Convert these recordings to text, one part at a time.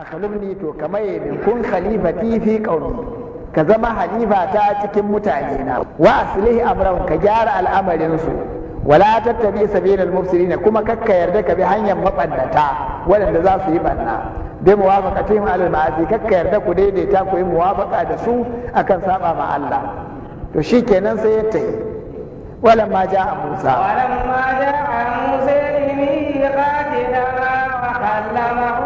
akhlubni to kamaye min kun khalifati fi qaumi ka zama halifa ta cikin mutane na wa aslihi amran ka gyara al'amarin su wala tattabi sabilal mufsidin kuma kakka yarda ka bi hanyar mabannata waɗanda za su yi banna bi muwafaqatihim alal ma'asi kakka yarda ku daidaita ku yi muwafaqa da su akan saba ma Allah to shikenan sai ya a ولما جاء موسى ولما جاء موسى لميقاتنا وكلمه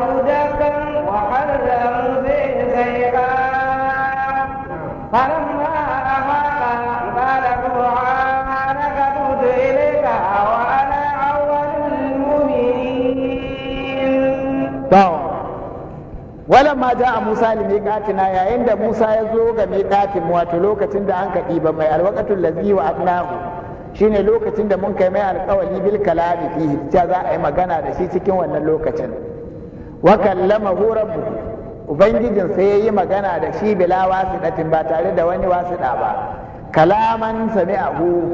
wala ma a Musa li na yayin da Musa ya zo ga miqatin wato lokacin da an ka ɗiba mai alwaqatul ladzi wa abnahu shine lokacin da mun kai mai alƙawali bil kalami fihi cewa za a yi magana da shi cikin wannan lokacin wa kallamahu rabbu ubangijin sai yayi magana da shi bila wasidatin ba tare da wani wasida ba kalaman sami'ahu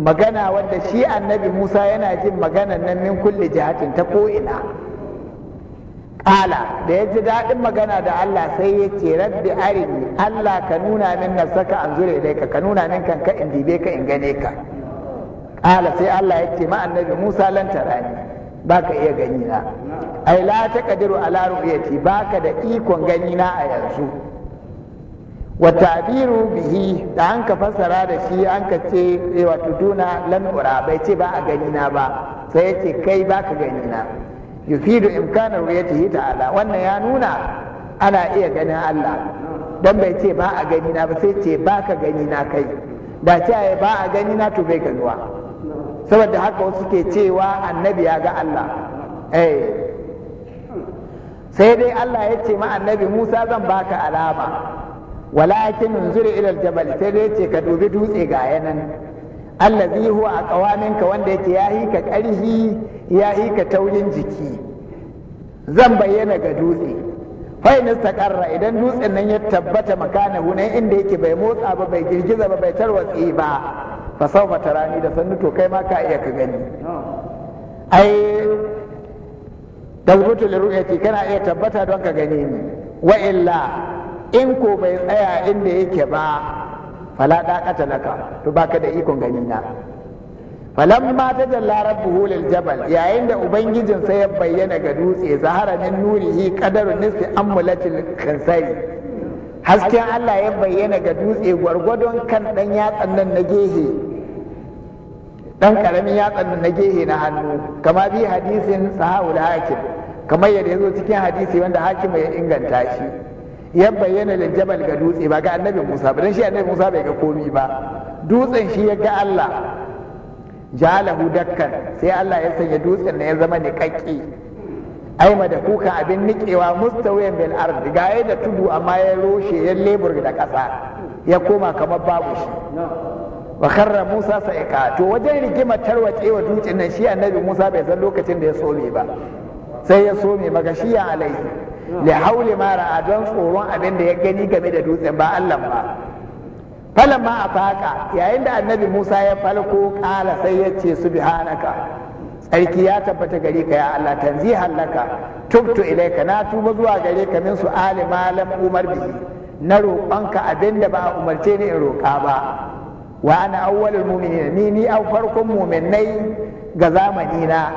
magana wanda shi annabi Musa yana jin maganan nan min kulli jihatin ta ko'ina. ina Ƙala da ya ji daɗin magana da Allah sai ya ce rabbi arini Allah ka nuna min na saka an zure dai ka ka nuna min kan ka in dibe ka in gane ka Ƙala sai Allah ya ce ma annabi Musa lan tarani ba ka iya gani na ai la taqdiru ala ru'yati ba ka da ikon gani na a yanzu wa tabiru bihi da an ka fasara da shi an ka ce eh, wato duna lan ura bai ce ba a gani na ba sai ya ce kai ba ka gani na yufidu imkanar ruyatihi ta'ala wannan ya nuna ana iya ganin Allah Don bai ce ba a gani na ba sai ce ba ka gani na kai da ce ai ba a gani na to bai ganuwa saboda haka wasu ke cewa annabi ya ga Allah eh sai dai Allah ya ce ma annabi Musa zan baka alama walakin zuri ila jabal sai dai ce ka dubi dutse ga yanan allazi huwa a ƙawaminka wanda yake ya yi ka ƙarfi ya yi ka taurin jiki zan bayyana ga dutse fa'in takarra idan dutsen nan ya tabbata makanahu nan inda yake bai motsa ba bai girgiza ba bai tarwatse ba fa sawfa rani da sannu to kai ma ka iya ka gani ai tabbutu liru'yati kana iya tabbata don ka gani ni wa illa in ko bai tsaya inda yake ba fala daqata laka to baka da ikon gani na falamma tajalla rabbuhu lil jabal yayin da ubangijin sa ya bayyana ga dutse zahara min nurihi qadaru nisfi amulatil Kansai. hasken Allah ya bayyana ga dutse gwargwadon kan dan yatsan nan na gehe dan karamin yatsan nan na gehe na hannu kama bi hadisin sahawul hakim kamar yadda yazo cikin hadisi wanda hakim ya inganta shi ya bayyana da jabal ga dutse ba ga annabi Musa ba dan shi annabi Musa bai ga komi ba dutsen shi ya ga Allah jalahu dakkan sai Allah ya sanya dutsen na ya zama niƙaƙƙi ai da kuka abin nikewa mustawiyan bil ard ga ya da tudu amma ya roshe ya lebur da ƙasa ya koma kamar babu shi wa karra Musa sa'ika to wajen rigimar wa dutsen nan shi annabi Musa bai san lokacin da ya some ba sai ya some magashiya alaihi li hauli ma ra'a don tsoron abin da ya gani game da dutsen ba Allah ba falan ma afaka yayin da annabi Musa ya falko kala sai ya ce subhanaka tsarki ya tabbata gare ka ya Allah tanzihan laka tubtu ilaika na tuba zuwa gare ka min su Ali lam umar bihi na roƙonka abin da ba umarce ni in roƙa ba wa ana awwalul mu'minin ni ni farkon mu'minai ga zamani na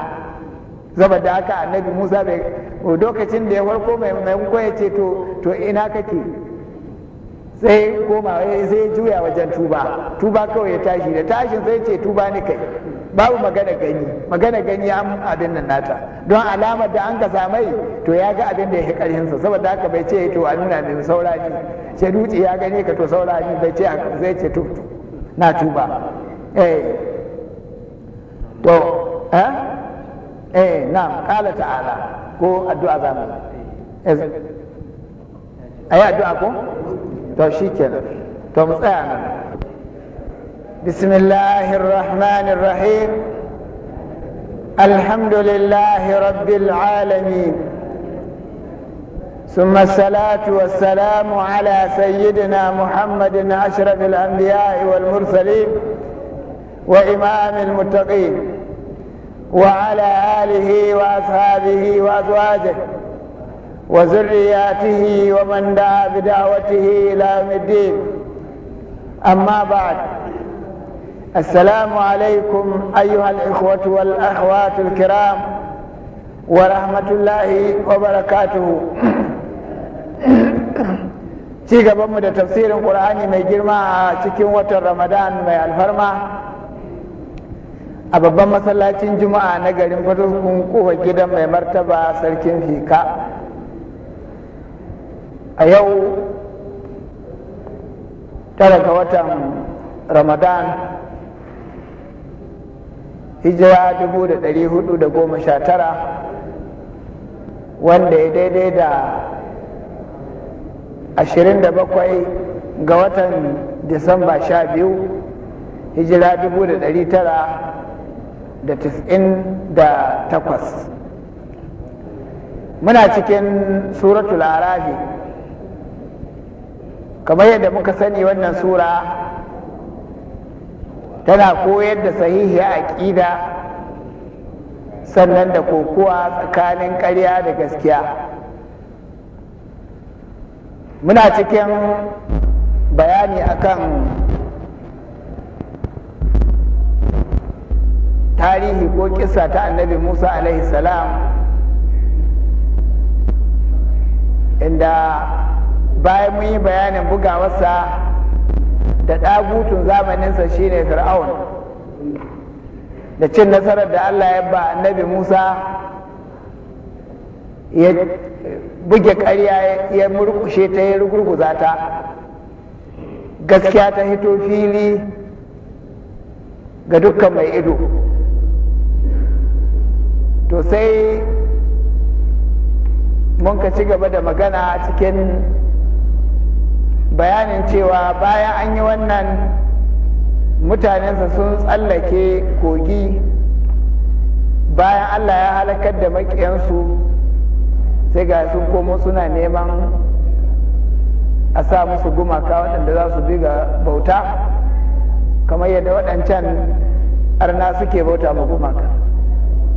saboda haka annabi musa bai lokacin da ya farko mai maimako ya ce to ina kake sai koma sai juya wajen tuba tuba kawai ya tashi da tashin sai ce tuba ni kai babu magana gani magana gani an abin nan nata don alamar da an ka samai to ya ga abin da ya karhinsa saboda haka bai ce to a nuna min saurani ce duci ya gane ka to saurani bai ce zai ce to na tuba eh to eh إيه نعم قال تعالى كو الدعاء زمان إذا أي دعاءكم تشيكنا تمسعنا بسم الله الرحمن الرحيم الحمد لله رب العالمين ثم الصلاة والسلام على سيدنا محمد أشرف الأنبياء والمرسلين وإمام المتقين وعلى آله وأصحابه وأزواجه وذرياته ومن دعا بدعوته إلى يوم الدين أما بعد السلام عليكم أيها الإخوة والأخوات الكرام ورحمة الله وبركاته ci gabanmu تفسير القرآن ما mai girma a رمضان ما ramadan a babban masallacin juma'a na garin fatuskun kofar gidan mai martaba sarkin fika a yau tara ga watan ramadan hijira 1419 wanda ya daidai da 27 ga watan disamba 12 hijira 1900 da tis'in da takwas muna cikin suratul arafi kamar yadda muka sani wannan sura tana koyar da sahihi a ƙida sannan da kokowa tsakanin ƙarya da gaskiya muna cikin bayani akan tarihi ko kisa ta annabi musa alaihi salam inda bayan mun yi bayanin bugawarsa da ɗagutun zamaninsa shine fir'aun da cin nasarar da allah ya ba annabi musa ya buge ƙarya ya murkushe ta ya rugurguza ta gaskiya ta hito fili ga dukkan mai ido to sai mun ka ci gaba da magana cikin bayanin cewa bayan an yi wannan mutanensa sun tsallake kogi bayan allah ya halakar da maƙiyansu sai ga sun komo suna neman a sa musu gumaka waɗanda za su bi ga bauta kamar yadda waɗancan arna suke bauta ma gumaka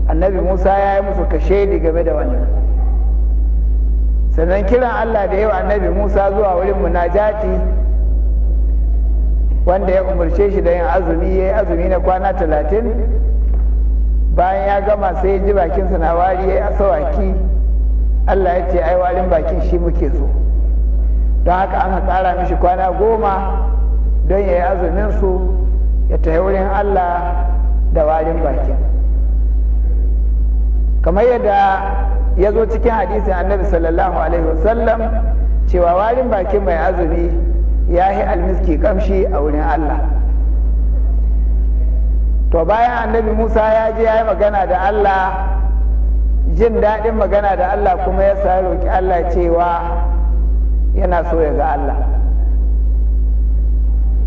annabi musa ya yi musu kashedi game da wannan sannan kiran allah da yawa annabi musa zuwa wurin munajati wanda ya umarce shi da yin azumi ya yi azumi na kwana talatin bayan ya gama sai ya ji bakinsa na wari ya yi asawaki allah ya ce ai warin bakin shi muke so don haka an kara mishi kwana goma don ya yi azumin su ya tafi wurin allah da warin bakin kamar yadda ya zo cikin hadisin annabi sallallahu alaihi wasallam cewa warin bakin mai azumi ya yi almiski kamshi a wurin Allah to bayan annabi Musa ya je ya yi magana da Allah jin daɗin magana da Allah kuma ya sa roƙi Allah cewa yana so ya ga Allah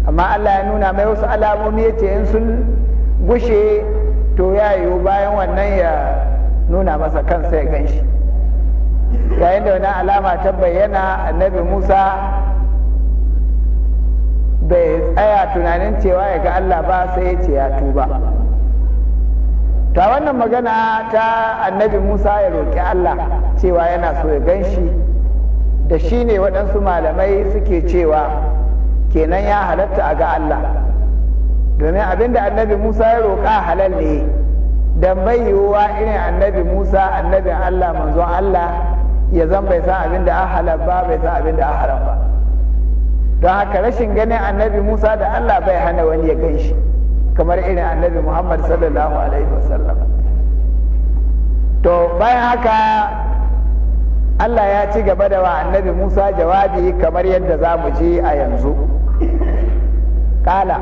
amma Allah ya nuna mai wasu alamomi ya ce in sun gushe to ya yiwu bayan wannan ya masa kansa ya gan shi yayin da wani alama ta bayyana annabi musa bai tsaya tunanin cewa ya ga allah ba sai ya ce ya tuba ta wannan magana ta annabi musa ya roƙi allah cewa yana so ya gan shi da shi ne waɗansu malamai suke cewa kenan ya halatta a ga allah domin abinda annabi musa ya roƙa halal ne dan bai yiwuwa irin annabi Musa annabin Allah manzo Allah ya zan bai san abin da ahala ba bai san abin da aharam ba don haka rashin ganin annabi Musa da Allah bai hana wani ya gan shi kamar irin annabi Muhammad sallallahu alaihi wasallam to bayan haka Allah ya ci gaba da wa annabi Musa jawabi kamar yadda za mu ji a yanzu kala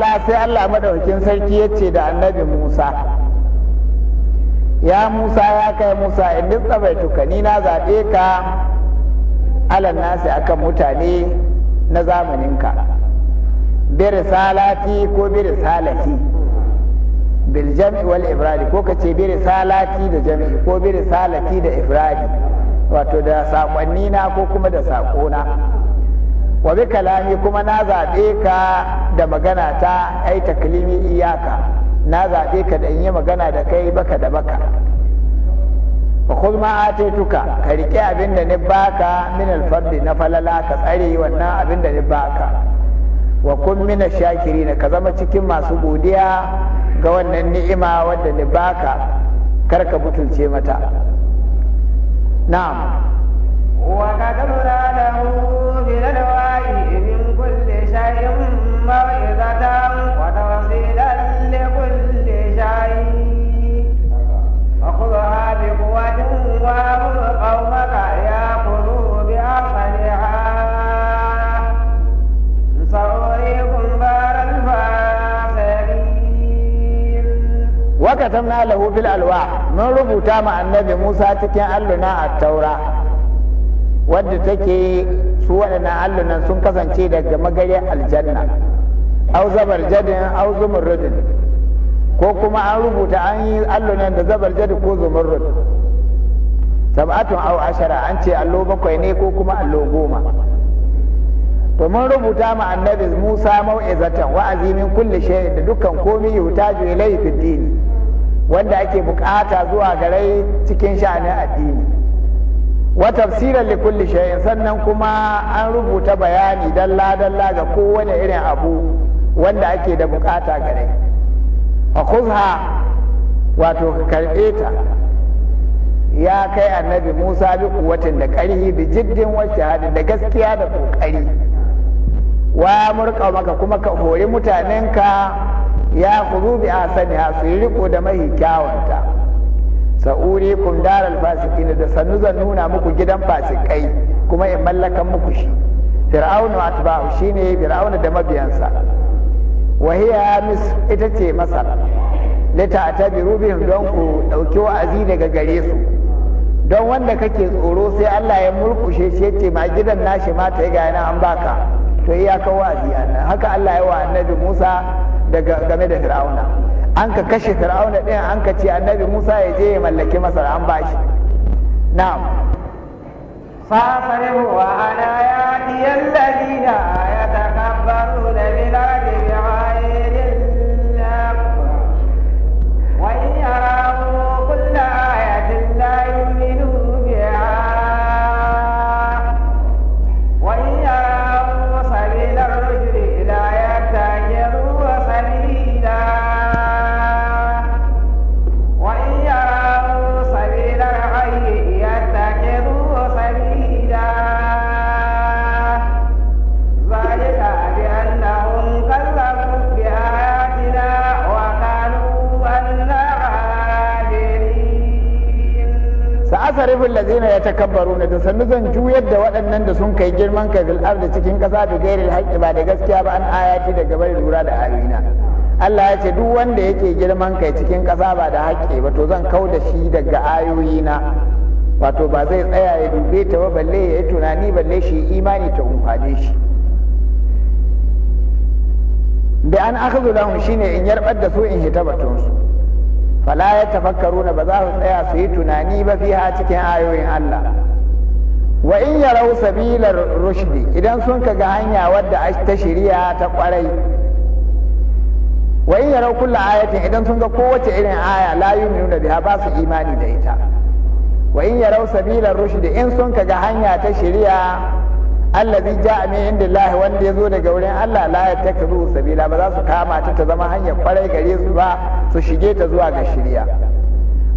ta'ala sai Allah madaukakin sarki ya ce da annabi Musa ya Musa ya kai Musa in tsabaituka ni na zaɓe ka alan nasi akan mutane na zamaninka bi risalati ko bi risalati bil jam'i wal ifradi ko kace bi risalati da jam'i ko bi risalati da ifradi wato da sakonni na ko kuma da sakona wa bi kalami kuma na zaɓe ka da magana ta ai taklimi iyaka na zaɓe ka da in yi magana da kai baka da baka wa kuma ma atituka ka rike abin da ni baka min alfardi na falala ka tsare wannan abin da ni baka wa kun min shakirin ka zama cikin masu godiya ga wannan ni'ima wadda ni baka kar ka butulce mata na'am وكتبنا له في الألواح من كل شيء موعظة وتوصيلا لكل شيء فخذها بقوة وأمر قومك يأخذوا بأصلها سأريكم دار الفاسقين وكتبنا له في الألواح من ربط مع النبي موسى تكن ألنا التوراة wadda take su waɗannan allunan sun kasance daga magarin aljanna au zabar jadin au zumurrudin ko kuma an rubuta an yi allunan da zabar jadi ko zumurrud sab'atun au ashara an ce allo bakwai ne ko kuma allo goma to mun rubuta ma annabi Musa mau'izatan wa'azi min kulli shay'in da dukkan komai yutaju ilayhi fid din wanda ake bukata zuwa gare cikin sha'anin addini wa tafsiran li sannan kuma an rubuta bayani dalla dalla ga kowane irin abu wanda ake da bukata gare fa wato karɓe ta ya kai annabi Musa bi kuwatin da ƙarfi, bi jiddin wacce hadin da gaskiya da kokari wa murka maka kuma ka hori mutanenka ya khudhu bi a su riko da mahi kyawanta sa'uri kun daral fasikin da sannu zan nuna muku gidan fasikai kuma in mallakan muku shi fir'aunu atba'u shine fir'aunu da mabiyansa wa hiya mis ita ce masar lita atabiru bihim don ku dauki wa'azi daga gare su don wanda kake tsoro sai Allah ya murkushe shi ce ma gidan nashi ma ta ga yana an baka to iyaka wa'azi haka Allah ya wa annabi Musa daga game da fir'auna an ka kashe fir'auna ɗin an ka ce annabi musa ya je ya mallaki masar an bashi na'am ya وعن آياتي الذين يتكبرون في الأرض بغير ya ladzina yatakabbaruna da sanu zan juyar da waɗannan da sun kai girman kai bil ardi cikin ƙasa bi gairi haƙƙi ba da gaskiya ba an ayati daga bari lura da ayoyina Allah ya ce duk wanda yake girman kai cikin ƙasa ba da haƙƙi ba to zan kau da shi daga ayoyina wato ba zai tsaya ya dube ta ba balle ya yi tunani balle shi imani ta umfane shi da an akhadhu lahum shine in yarbar da su in hita su fala ya tafakkaru na ba za su tsaya su yi tunani ba fiha cikin ayoyin Allah wa in yarau sabilar rushdi idan sun ka ga hanya wadda ta shirya ta kwarai wa in yarau kulla ayatin idan sun ga kowace irin aya la nuna biya ba su imani da ita wa in rau sabilar rushdi in sun ka ga hanya ta shirya. allazi ja'a min indillah wanda yazo daga wurin Allah la yattakhudhu sabila ba za su kama ta ta zama hanyar kwarai gare su ba su shige ta zuwa ga shirya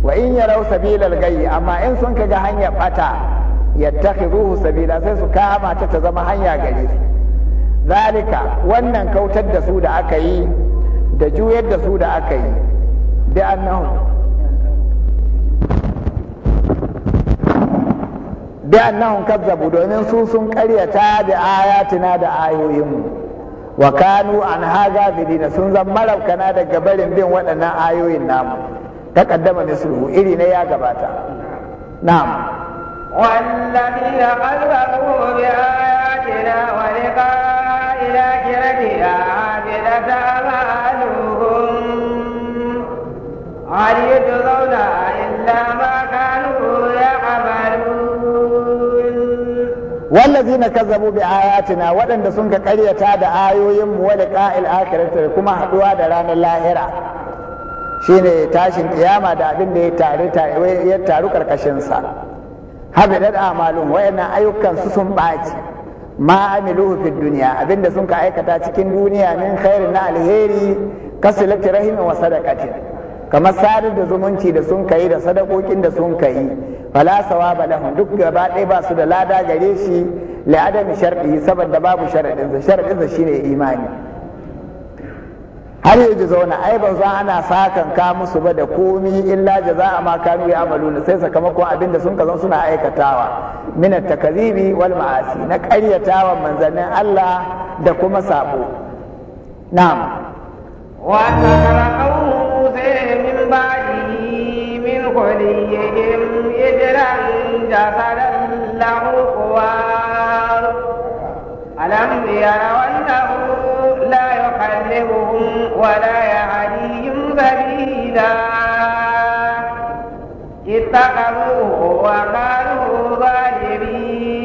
wa in yarau sabilal gayyi amma in sun kaga hanyar bata yattakhidhuhu sabila sai su kama ta ta zama hanya gare su zalika wannan kautar da su da aka yi da juyar da su da aka yi bi annahu. bi annahum kazzabu domin su sun karyata da ayatina da ayoyinmu wa kanu an haga bidina sun zan marabkana daga barin bin waɗannan ayoyin namu taqaddama misluhu iri ne ya gabata na'am والذين كذبوا بآياتنا ولقاء الآخرة عابدة أعمالهم هل يجزون إلا ما كانوا يعملون ka zabu bi ayatina waɗanda sun ka karyata da ayoyin mu ƙa'il akhirati kuma haɗuwa da ranar lahira shine tashin ƙiyama da abin da ya taru ya taru karkashin sa habidat amalun ayyukan su sun baci ma amiluhu fid dunya abinda sun ka aikata cikin duniya min khairin na alheri kasilati rahimin wa sadaqatin kamar sadar da zumunci da sun kai da sadakokin da sun kai fala sawaba lahum duk gaba ɗaya ba su da lada gare shi la adam shar'i saboda babu sharadin sa sharadin sa shine imani har yanzu zauna ai ban za ana sakan ka musu ba da komi illa maka ma kanu ne sai sakamakon abin da sun kazan suna aikatawa min takazibi wal ma'asi na ƙaryatawan manzannin Allah da kuma sabo na'am wa ta'ala min ba'dihi min khuliyyin حجرا جسدا له خوار ألم يروا أنه لا يكلمهم ولا يهديهم سبيلا اتخذوه وقالوا ظالمين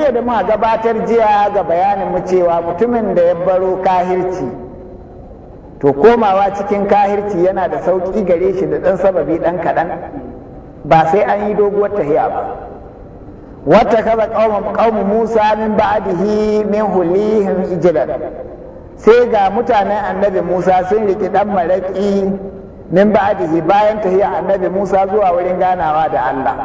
yadda muka gabatar jiya ga bayanin mu cewa mutumin da ya baro kahirci to komawa cikin kahirci yana da sauƙi gare shi da ɗan sababi ɗan kaɗan ba sai an yi doguwar tahiya ba wata kaza qaumu Musa min ba'dihi min hulihim ijlan sai ga mutanen annabi Musa sun riki dan maraki min ba'dihi bayan tahiya annabi Musa zuwa wurin ganawa da Allah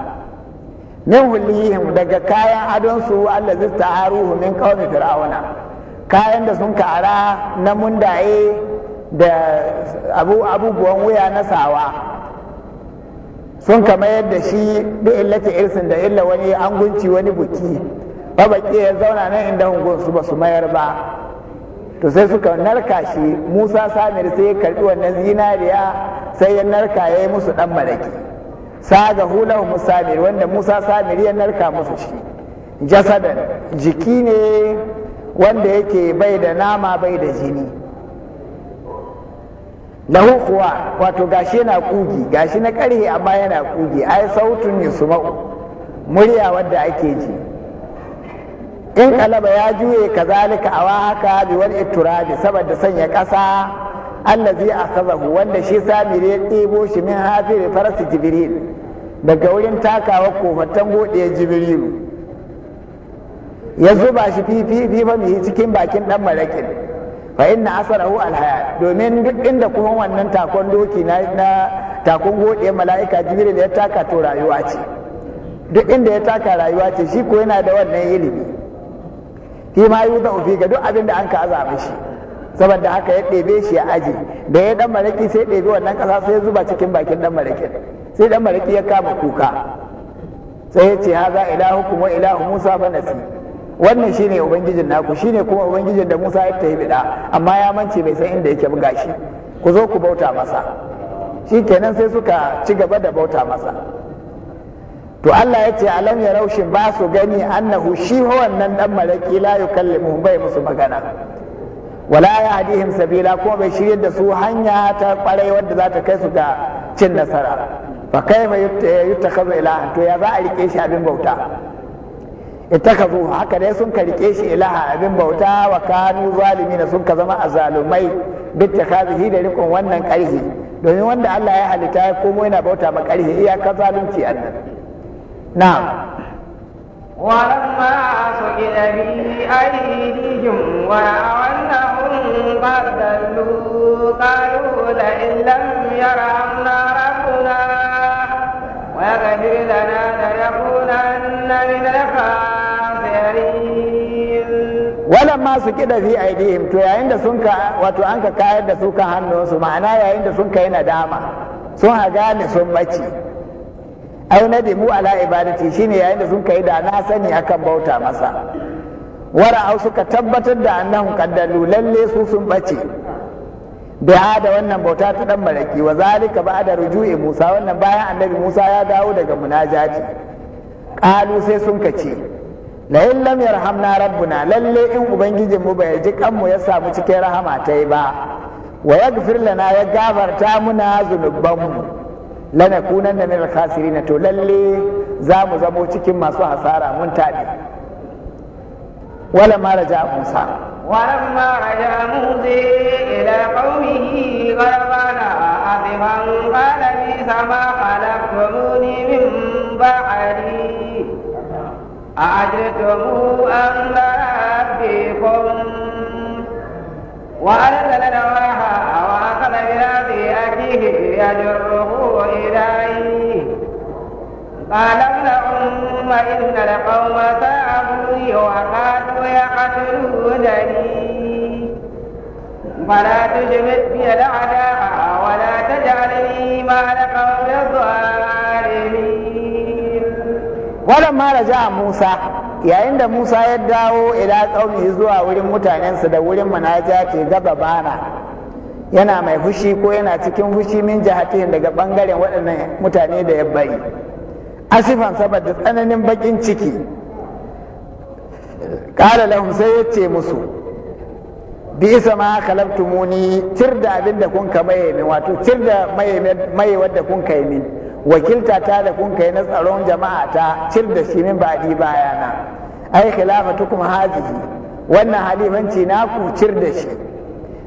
min hulihim daga kayan adon su Allah zai ta'aruhu min qaumi fir'auna kayan da sun kara na mundaye da abubuwan wuya na sawa sun kama yadda shi da illata irsin da illa wani angunci wani buki ba baki ya zauna nan inda hungun su ba su mayar ba to sai suka narka shi Musa Samir sai ya karbi wannan zinariya sai ya narka ya yi musu dan malaki saga hulahu Samir, wanda Musa Samir ya narka musu shi jasadan jiki ne wanda yake bai da nama bai da jini lahu kuwa wato gashi yana kugi gashi na karhe amma yana kugi ai sautun ne su murya wadda ake ji in kalaba ya juye kazalika awa haka bi wal itturabi saboda sanya kasa allazi akhadahu wanda shi samire ya ɗebo shi min hafir farasi jibril daga wurin takawa kofatan gode jibrilu ya zuba shi fifi fifa mai cikin bakin dan marakin fa inna asarahu alhaya domin duk inda kuma wannan takon doki na takon gode mala'ika jibril ya taka to rayuwa ce duk inda ya taka rayuwa ce shi ko yana da wannan ilimi shi ma yi da ofi ga duk abin da an ka azaba shi saboda haka ya ɗebe shi ya aji da ya dan maraki sai ɗebe wannan ƙasa sai ya zuba cikin bakin dan marakin sai dan maraki ya kama kuka sai ya ce haza ilahu kuma ilahu musa fa nasi wannan shine ubangijin naku shine kuma ubangijin da Musa ya tafi bida amma ya mance mai san inda yake buga shi ku zo ku bauta masa shi kenan sai suka ci gaba da bauta masa to Allah ya ce alam ya raushin ba su gani annahu shi wannan dan maraki la yukallimu bai musu magana wala ya hadihim sabila kuma bai shirye da su hanya ta kwarai wanda za ta kai su ga cin nasara fa kai ma yutta to ya za a rike shi abin bauta itakazu haka dai sun karike shi ilaha abin bauta wa kanu zalimin sun ka zama azalumai bittakhazihi da rikon wannan karhi domin wanda Allah ya halitta ya komo yana bauta ma karhi iyaka zalunci annan na'am ولما سئل وأنهم قد قالوا لئن لم يرحمنا ربنا ويغفر لنا لنكونن من الخاسرين walan masu su kida fi aidihim to yayin da sun ka wato an ka kayar da su kan hannunsu ma'ana yayin da sun kai nadama sun haga ne sun mace ai nadimu ala ibadati shine yayin da sun kai da na sani akan bauta masa au suka tabbatar da annahu qaddalu lalle su sun bace da da wannan bauta ta dan maraki wa zalika ba'da ruju'i Musa wannan bayan annabi Musa ya dawo daga munajati qalu sai sun kace la in lam yarhamna rabbuna lalle in ubangijin mu bai ji kanmu ya samu cikin rahama ta yi ba wa yaghfir lana ya gafarta muna zunuban mu kunan min al-khasirin to lalle za mu zamo cikin masu hasara mun tabi wala ma raja musa ولما رجع موسى إلى قومه غرقنا عاصفا قال بئس ما خلقتموني من بعدي أن لا ربكم وأنزل نواها وأخذ بناصي أخيه يجره إليه قال ابن أم إن القوم سأبوي وكادوا يقتلونني فلا تجمد بي الأعداء ولا تجعلني مع القوم الظالمين walamma raja Musa yayin da Musa ya dawo ila tsauni zuwa wurin mutanensa da wurin manaja ke gaba bana yana mai fushi ko yana cikin fushi min jahatin daga bangaren waɗannan mutane da ya bari asifan saboda tsananin bakin ciki ƙara lahum sai ya ce musu bi isa ma kalabtumuni cir da abin da kun ka maye wato cir da maye wadda kun ka yi wakilta ta da kun kai na tsaron jama'a ta cir da shi min baɗi bayana ai khilafatukum hazihi wannan halimanci na ku cir da shi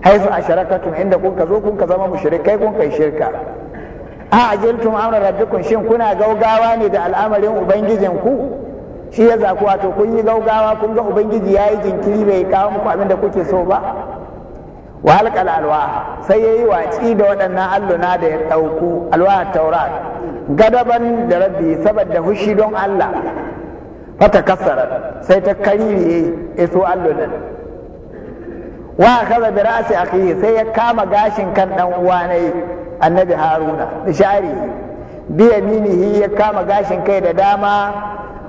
haisu asharakatun inda kun ka zo kun ka zama kai kun kai shirka a ajiltum amra rabbikum shin kuna gaugawa ne da al'amarin ubangijin ku shi ya zaku wato kun yi gaugawa kun ga ubangiji yayi jinkiri bai kawo muku abin da kuke so ba wa alqal alwa sai yayi watsi da waɗannan alluna da ya dauko alwa taurat gadaban da rabbi saboda hushi don Allah fata kasara sai ta karye iso allunan wa kaza bi ra'si akhi sai ya kama gashin kan dan uwanai annabi haruna da shari bi yaminihi ya kama gashin kai da dama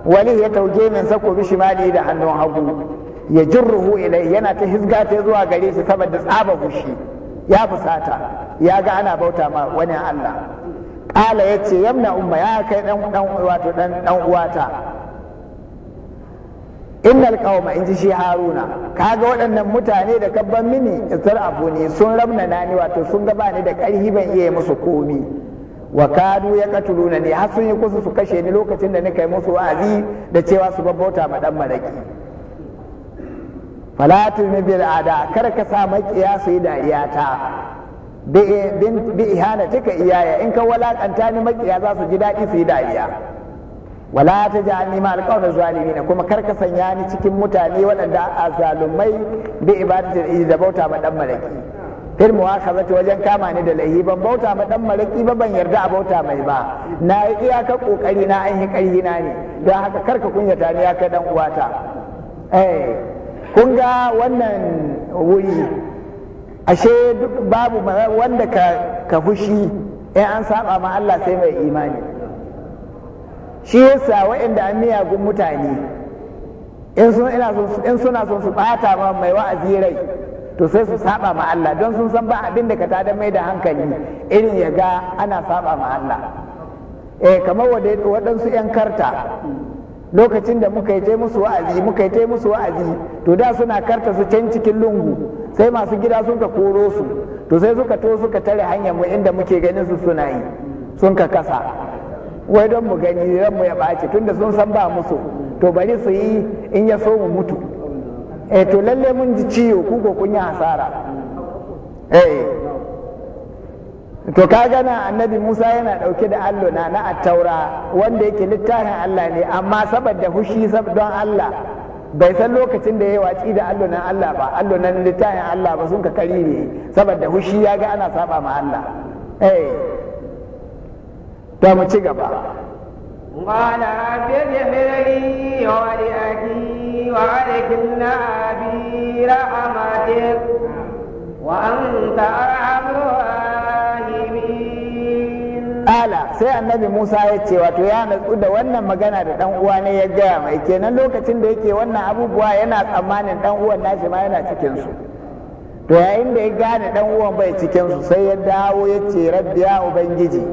wani ya tauje min sako bi shimali da hannun hagu ya jirruhu ilai yana ta hizga ta zuwa gare shi saboda tsaba hushi ya fusata ya ga ana bauta ma wani Allah ƙala ya ce yamna umma ya kai ɗan wato ɗan uwata innal qauma inji shi haruna kaga waɗannan mutane da kabban mini abu ne sun ramna nani wato sun gaba ni da ƙarhi ban iya musu komi wa kadu ya katuluna ne har sun yi kusa su kashe ni lokacin da nika yi musu wa'azi da cewa su babbauta ma dan maraki falatu ni ada kar ka sa maƙiya su yi dariya bi tika iyaya in ka walakanta ni makiya za su ji daɗi su yi dariya wala ta ja'alni ma zalimi na kuma kar ka sanya ni cikin mutane waɗanda a azalumai bi ibadatil da bauta ma ɗan malaki fil zata wajen kama ni da laihi ban bauta ma ɗan malaki ba ban yarda a bauta mai ba na yi iyaka kokari na an yi ƙarfi na ne don haka karka kunyata ni ya kai dan uwata eh, kun ga wannan wuri ashe duk babu wanda ka ka fushi in an saba ma Allah sai mai imani shi yasa waɗanda an miyagun mutane in suna son su bata ma mai wa'azi rai to sai su saba ma Allah don sun san ba abin da ka da mai da hankali irin ya ga ana saba ma Allah eh kamar waɗansu 'yan karta lokacin da muka yi musu wa'azi muka yi musu wa'azi to da suna karta su can cikin lungu sai masu gida sun ka koro su to sai suka to suka tare hanyar mu inda muke ganin su suna yi sun ka kasa wai don mu gani ran mu ya ɓace, tunda sun san ba musu to bari su yi in ya so mu mutu eh to lalle mun ji ciwo ku ko kun yi hasara eh to ka gana annabi Musa yana ɗauke da allona na attaura wanda yake littafin Allah ne amma saboda hushi don Allah bai san lokacin da ya yi watsi da allo nan Allah ba allo nan littafin Allah ba sun ka kari ne saboda hushi ya ga ana saba ma Allah eh ta mu ci gaba قال رب اغفر لي ولأبي وأدخلنا وأنت أرحم kala sai annabi musa ya ce wato ya natsu da wannan magana da dan uwa ne ya gaya mai kenan lokacin da yake wannan abubuwa yana tsammanin dan uwan nashi ma yana cikinsu to yayin da ya gane dan uwan bai cikinsu sai ya dawo ya ce rabbi ya ubangiji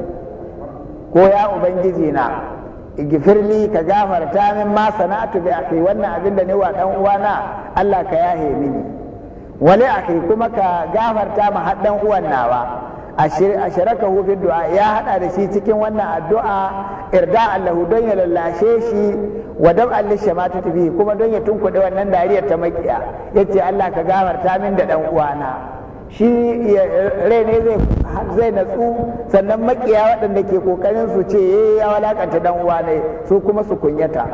ko ya ubangiji na igifirli ka gafarta min ma sana'atu bi akhi wannan abin da ne wa uwa uwana Allah ka yahe mini wale akai kuma ka gafarta ma har ɗan uwan nawa asharakahu fi du'a ya hada da shi cikin wannan addu'a irda Allahu don ya lallashe shi wa dab ma ta bihi kuma don ya tunkuɗe wannan dariyar ta makiya yace Allah ka gafarta min da dan uwana shi rai ne zai zai natsu sannan makiya waɗanda ke kokarin su ce eh, ya walakanta dan uwa ne su kuma su kunyata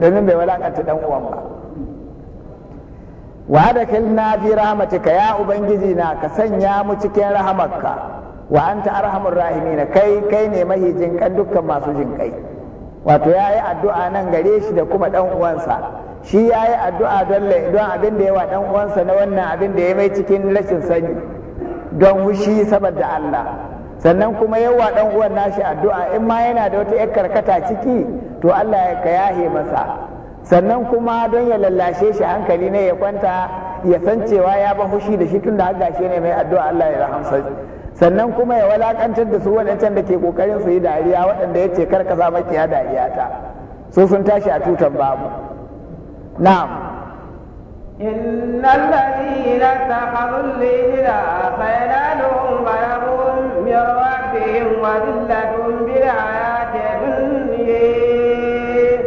domin bai walakanta dan uwan ba wa da kalna rahmatika ya ubangiji na ka sanya mu cikin rahamarka wa arhamun arhamur na kai kai ne mahi jin kan dukkan masu jin kai wato yayi addu'a nan gare shi da kuma dan uwansa shi yayi addu'a don don abin da yawa dan uwansa na wannan abin da ya mai cikin rashin sani don wushi saboda Allah sannan kuma yawa dan uwan nashi addu'a in ma yana da wata yar karkata ciki to Allah ya yahe masa sannan kuma don ya lallashe shi hankali ne ya kwanta ya san cewa ya ba fushi da shi tun da har gashi ne mai addu'a Allah ya rahamsa sannan kuma ya walakantar da su wadancan da ke kokarin su yi dariya waɗanda ya ce kar ka sa makiya dariya ta so sun tashi a tutan babu na'am إن الذين اتخذوا الليل فينالهم wa من ربهم وذلة بالحياة الدنيا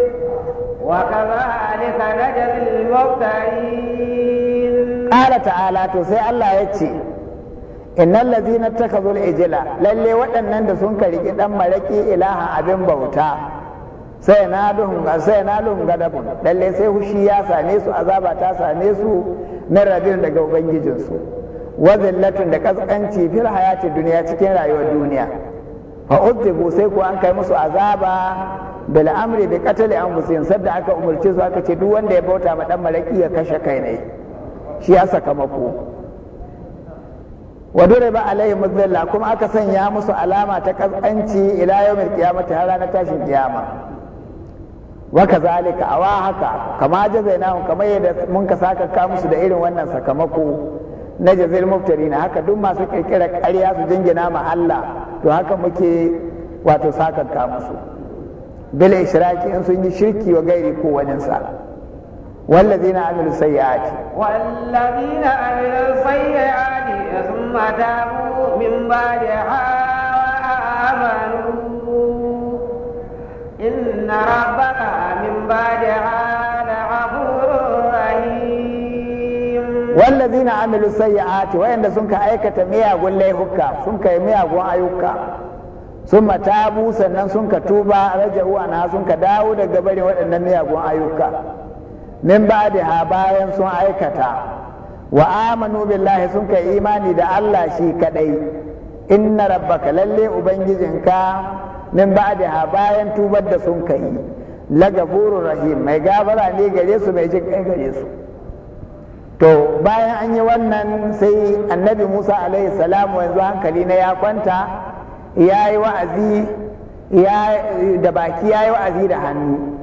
وكذلك نجزي المفترين قال تعالى تسأل الله ce. innal ladzina takazzul ijla lalle waɗannan da sun karigi dan maraki ilaha abin bauta sai na duhun ga sai na lalle sai hushi ya same su azaba ta same su na rabin daga ubangijin su wa da ƙasƙanci fil hayati duniya cikin rayuwar duniya fa udzibu sai ko an kai musu azaba bil amri bi qatli anfusihim sadda aka umurce su aka ce duk wanda ya bauta ma dan maraki ya kashe kai ne shi ya sakamako wa dole ba alaihi muzilla kuma aka sanya musu alama ta kaskanci ila yawmil qiyamati har ranar tashin kiyama wa kazalika awa haka kama jazainahum kamar yadda mun ka saka ka musu da irin wannan sakamako na jazil muftarina haka duk masu kirkira ƙarya su jingina ma Allah to haka muke wato saka ka musu bil ishraki in sun yi shirki wa gairi ko waninsa والذين عملوا السيئات والذين عملوا السيئات ثم تابوا من بعدها وآمنوا إن ربك من بعدها لغفور رحيم والذين عملوا السيئات وإن سنك أيكة مياه ولا يهكا سنك مياه وأيكا sun matabu sannan sun ka tuba raja'u anha sun ka dawo daga barin waɗannan miyagun ayyuka min ba'daha bayan sun aikata wa amanu billahi sun kai imani da Allah shi kadai inna rabbaka lalle ubangijinka min ba'daha bayan tubar da sun kai lagafurur rahim mai gafara ne gare su mai jin gare su to bayan an yi wannan sai annabi Musa alaihi salam yanzu hankali na ya kwanta ya yi wa'azi da baki ya yi wa'azi da hannu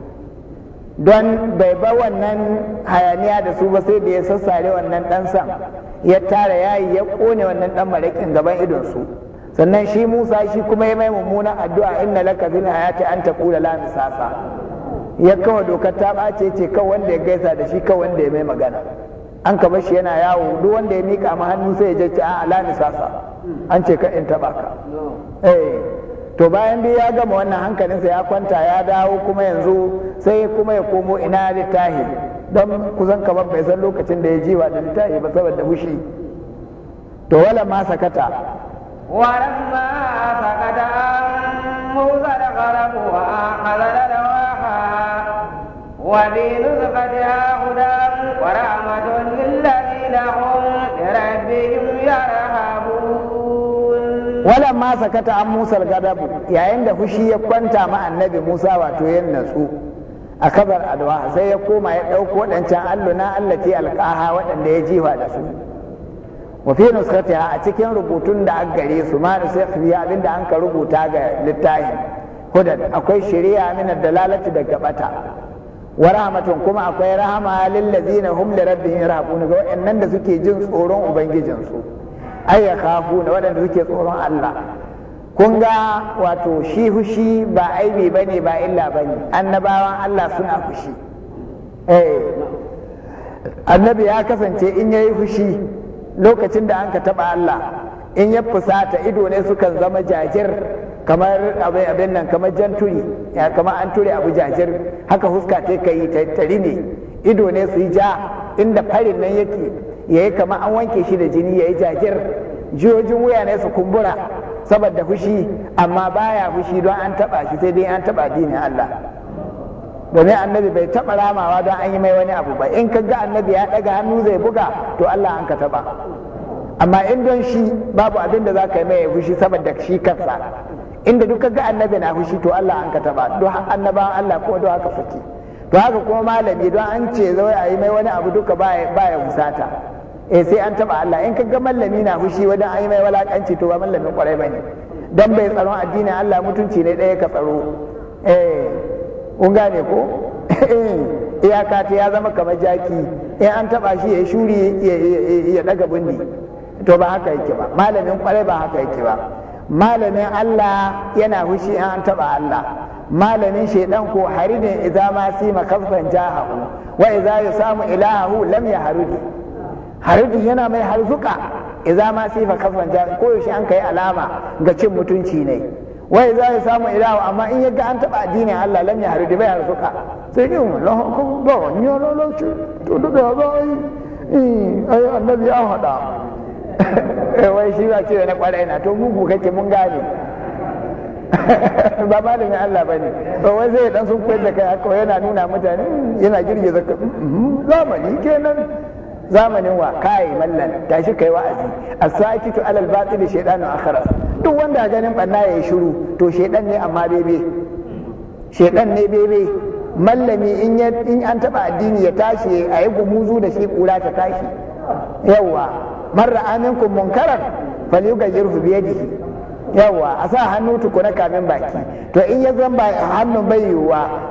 don bai ba wannan hayaniya da su ba sai da ya sassare wannan dan sam, ya tara yayi ya kone wannan ɗan maraƙin gaban idonsu sannan shi musa shi kuma ya mai mummunan addu'a inna laka fil hayati an taqula la misasa ya kawo dokar ta ɓace ce kan wanda ya gaisa da shi kan wanda ya mai magana an ka shi yana yawo duk wanda ya mika ma hannu sai ya je a la misasa an ce ka in taɓa ka eh. to bayan bi ya gama wannan hankalinsa ya kwanta ya dawo kuma yanzu sai kuma ya komo ina littahi don kusan kamar bai san lokacin da ya wa da littahi ba saboda mushi to wala ma sakata ولما سكت عن موسى wa وأخذ لواحا وفي نسختها هدى ورحمة للذين هم لربهم walan ma sakata an Musa gadabu yayin da fushi ya kwanta ma annabi Musa wato yan natsu a kabar adwa sai ya koma ya ɗauko waɗancan alluna allati alqaha waɗanda ya jifa da su wa fi nuskatiha a cikin rubutun da an gare su ma da sai abinda an ka rubuta ga littafin hudan akwai shari'a min dalalati daga bata wa rahmatun kuma akwai rahama lil ladina hum li rabbihim ga waɗannan da suke jin tsoron ubangijinsu ayya kafu na waɗanda suke tsoron Allah kun ga wato shi fushi ba aibi ba ne ba illa ba annabawan Allah suna fushi eh. annabi ya kasance in ya yi fushi lokacin da an ka taɓa Allah in ya fusata ido ne sukan zama jajir kamar abin nan kamar jan turi ya kamar an ture abu jajir haka huska ta kai ta ne ido ne su yi ja inda farin nan yake ya yi kama an wanke shi da jini ya yi jajir jiyojin wuya ne su kumbura saboda fushi amma baya fushi don an taɓa shi sai dai an taɓa dini Allah domin annabi bai taɓa ramawa don an yi mai wani abu ba in ka ga annabi ya daga hannu zai buga to Allah an ka taba amma in don shi babu abin da za ka yi mai fushi saboda shi kansa inda duka ga annabi na fushi to Allah an ka taba don annaba Allah ko don haka fuki to haka kuma malami don an ce zai a yi mai wani abu duka baya baya fusata eh sai an taba Allah in kaga mallami na fushi wajen ai yi mai walakanci to ba mallamin kwarai bane dan bai tsaron addini Allah mutunci ne ɗaya ka tsaro eh kun gane ko iyaka ta ya zama kamar jaki in an taba shi ya shuri ya daga bundi to ba haka yake ba malamin kwarai ba haka yake ba malamin Allah yana hushi in an taba Allah malamin shaidan ko haridin idza ma sima kafan jahahu wa idza yusamu ilahu lam yahrudi haridun yana mai harzuka idan ma fa kafan jari ko yaushe an kai alama ga cin mutunci ne wai za ya samu ilawa amma in yaga an taba addinin Allah lam ya haridu bai harzuka sai ni lahu kum ba ni lo lo ci to da ba ai eh, ai annabi ya hada eh, wai shi ba ce na kwarai na to mugu kake mun gane ba malamin Allah bane to wai zai dan sun koyar da kai haka yana nuna mutane hmm, yana girgiza hmm, hmm, zamani kenan zamanin wa kai mallan tashi kai wa'azi as-sakitu alal batil shaytanu akhara duk wanda ganin banna yayi shiru to shaytan ne amma bebe shaytan ne bebe mallami in in an taba addini ya tashi a yi gumuzu da shi kura ta tashi yawa marra aminkum munkaran falyughayyirhu bi yadihi yawa a sa hannu tukuna kamin baki to in ya zan hannun bai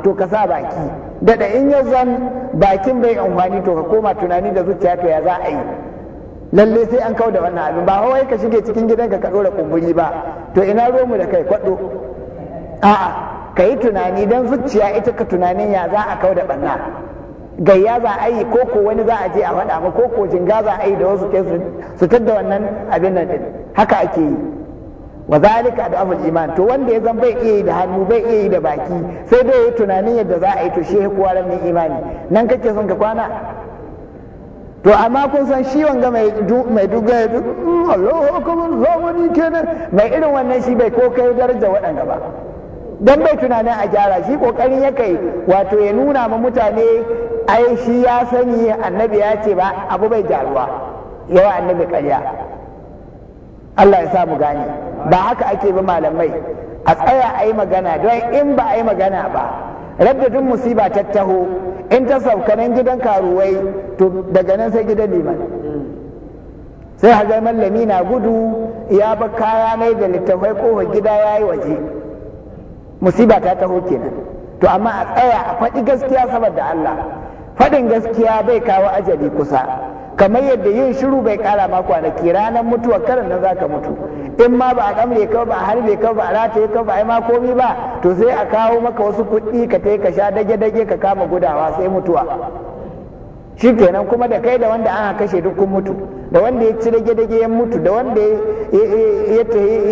to ka sa baki daɗa in ya zan bakin bai amfani to ka koma tunani da zuciya to ya za a yi lalle sai an kawo da wannan abin ba hawaye ka shige cikin gidanka ka ɗora kumburi ba to ina romu da kai kwaɗo a'a ka yi tunani don zuciya ita ka tunanin ya za a kawo da ɓanna gayya za a yi ko ko wani za a je a faɗa ma ko ko jinga za a yi da wasu ke su da wannan abin nan ɗin haka ake yi wa zalika da iman to wanda ya zan bai iya yi da hannu bai iya yi da baki sai dai yi tunanin yadda za a yi to kuwa ramin imani nan kake son ka kwana to amma kun san shi wanga mai mai duga ya Allahu akbar zamani kenan mai irin wannan shi bai ko kai daraja waɗanda ba dan bai tunanin a gyara shi kokarin ya kai wato ya nuna ma mutane ai shi ya sani annabi ya ce ba abu bai jaruwa yawa annabi ƙarya Allah ya sa mu gane ba haka ake ba malamai a tsaya a yi magana don in ba a yi magana ba rabda duk musiba ta taho in ta sauka nan gidan karuwai to daga nan sai gidan liman sai haga mallami na gudu ya ba kaya mai da littafai kowa gida ya yi waje musiba ta taho kenan to amma a tsaya a faɗi gaskiya saboda Allah faɗin gaskiya bai kawo ajali kusa kamar yadda yin shiru bai kara ma kwanaki ranar mutuwar karan nan ka mutu in ma ba a kamre ka ba a harbe ka ba a rataye ka ba a ma komi ba to sai a kawo maka wasu kuɗi ka tai ka sha dage dage ka kama gudawa sai mutuwa shi kenan kuma da kai da wanda ana kashe duk kun mutu da wanda ya ci dage dage ya mutu da wanda ya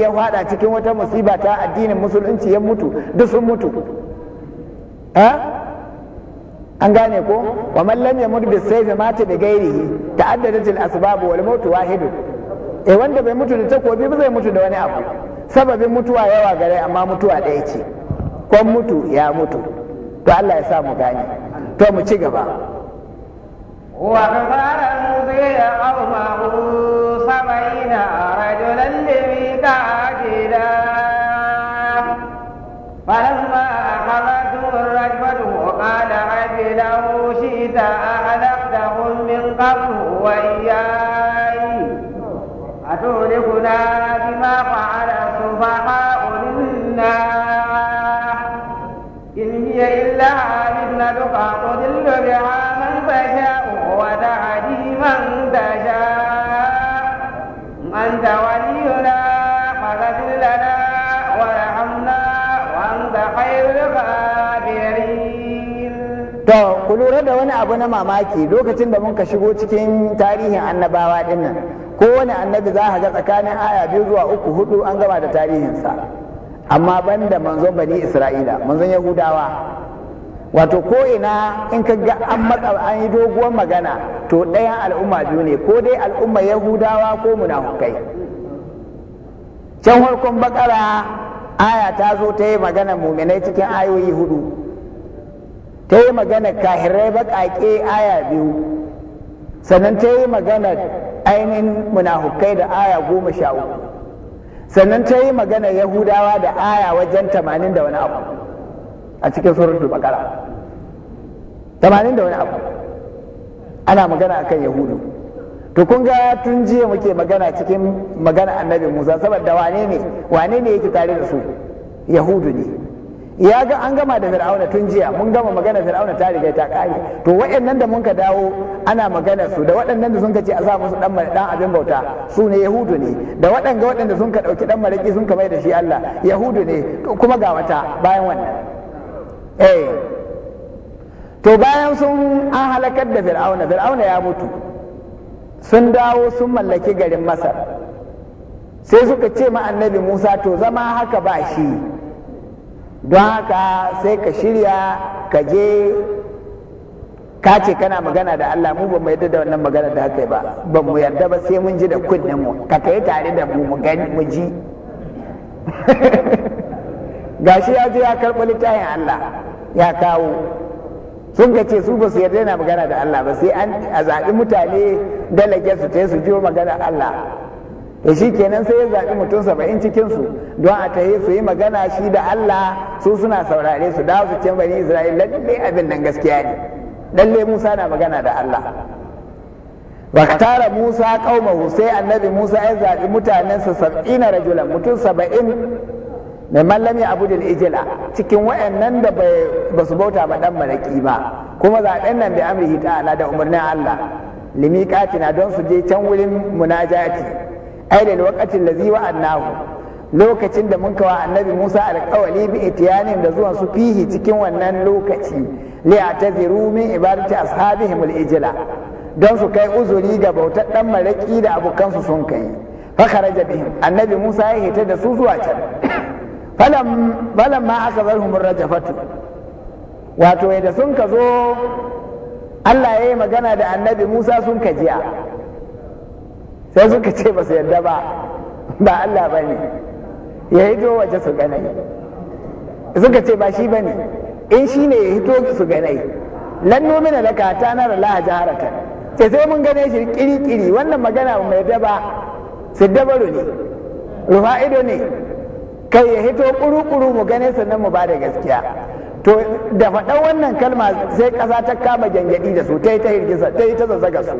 ya fada cikin wata musiba ta addinin musulunci ya mutu duk sun mutu an gane ko wa mallam ya mutu da sayfi mata gairi ta addada al asbab wal maut wahid eh wanda bai mutu da takobi ba zai mutu da wani abu sababin mutuwa yawa gare amma mutuwa daya ce ko mutu ya mutu to Allah ya sa mu gane to mu ci gaba wa kafara mudiya qawmahu sabaina rajulan li miqatina falamma لو شئت أهلكتهم من قبل وإياي أتهلكنا بما فعل السفهاء منا إن هي إلا فتنتك تضل بها to ku lura da wani abu na mamaki lokacin da muka shigo cikin tarihin annabawa dinnan, ko kowane annabi za ka ga tsakanin aya biyu zuwa uku hudu an gama da tarihinsa amma ban da manzon bani isra'ila manzon yahudawa wato ko ina in ka ga an matsa an yi doguwar magana to ɗayan al'umma biyu ne ko dai al'umma yahudawa ko munafukai can farkon bakara aya ta zo ta yi magana muminai cikin ayoyi hudu ta yi magana kahirai baƙaƙe aya biyu sannan ta yi magana ainihin munahukai da aya goma sha uku sannan ta yi magana yahudawa da aya wajen tamanin da wani abu a cikin suratul bakara tamanin da wani abu ana magana akan yahudu to kun ga tun jiya muke magana cikin magana annabi musa saboda wane ne wane ne yake tare da su yahudu ne ya ga an gama da fir'auna tun jiya mun gama magana fir'auna ta riga ta kare to waɗannan da mun ka dawo ana magana su da waɗannan da sun ka ce a sa musu dan dan abin bauta su ne yahudu ne da waɗanga waɗanda sun ka dauki dan maraki sun ka mai da shi Allah yahudu ne kuma ga wata bayan wannan eh to bayan sun an halakar da fir'auna fir'auna ya mutu sun dawo sun mallaki garin masar sai suka ce ma annabi musa to zama haka ba shi don haka sai ka shirya ka je ka ce kana magana da Allah mu ba mu yarda da wannan magana da haka ba ba mu yarda ba sai mun ji da kunnen mu ka kai tare da mu gani mu ji gashi ya je ya karɓi littafin Allah ya kawo sun ga ce su ba su yarda yana magana da Allah ba sai an a zaɓi mutane dalage su ce su ji magana Allah Yashi shi kenan sai ya zaɓi mutum saba'in cikinsu don a ta su yi magana shi da Allah su suna saurare su dawo su can bani Isra'ila lalle abin nan gaskiya ne lalle Musa na magana da Allah baktara Musa kauma sai annabi Musa ya zaɓi mutanensa sab'ina rajulan mutum saba'in mai mallami abu da ijila cikin wayannan da ba su bauta ba dan malaki ba kuma zaɓen nan bi amrihi ta'ala da umarnin Allah limiqatina don su je can wurin munajati aile lokacin da ziwa annahu lokacin da mun kawa annabi Musa alƙawali bi itiyanin da zuwa su fihi cikin wannan lokaci li ataziru min ibadati ashabihim al-ijla don su kai uzuri ga bautar dan maraki da abokansu sun kai fa kharaja bihim annabi Musa ya hita da su zuwa can falam falam ma akazarhum rajafatu wato yadda sun ka zo Allah ya yi magana da annabi Musa sun jiya. wasu ka ce ba su yarda ba ba Allah ba ne ya hito waje su ganai suka ce ba shi ba ne in shi ne ya hito su ganai lan nomina laka ta nara laha jaharatan ce sai mun gane shi kiri-kiri wannan magana mai daba su dabaru ne rufa ido ne kai ya hito kuru-kuru mu gane sannan mu ba da gaskiya to da faɗan wannan kalma sai ƙasa ta kama gyangyaɗi da su ta yi ta hirgisa ta yi ta zazzaga su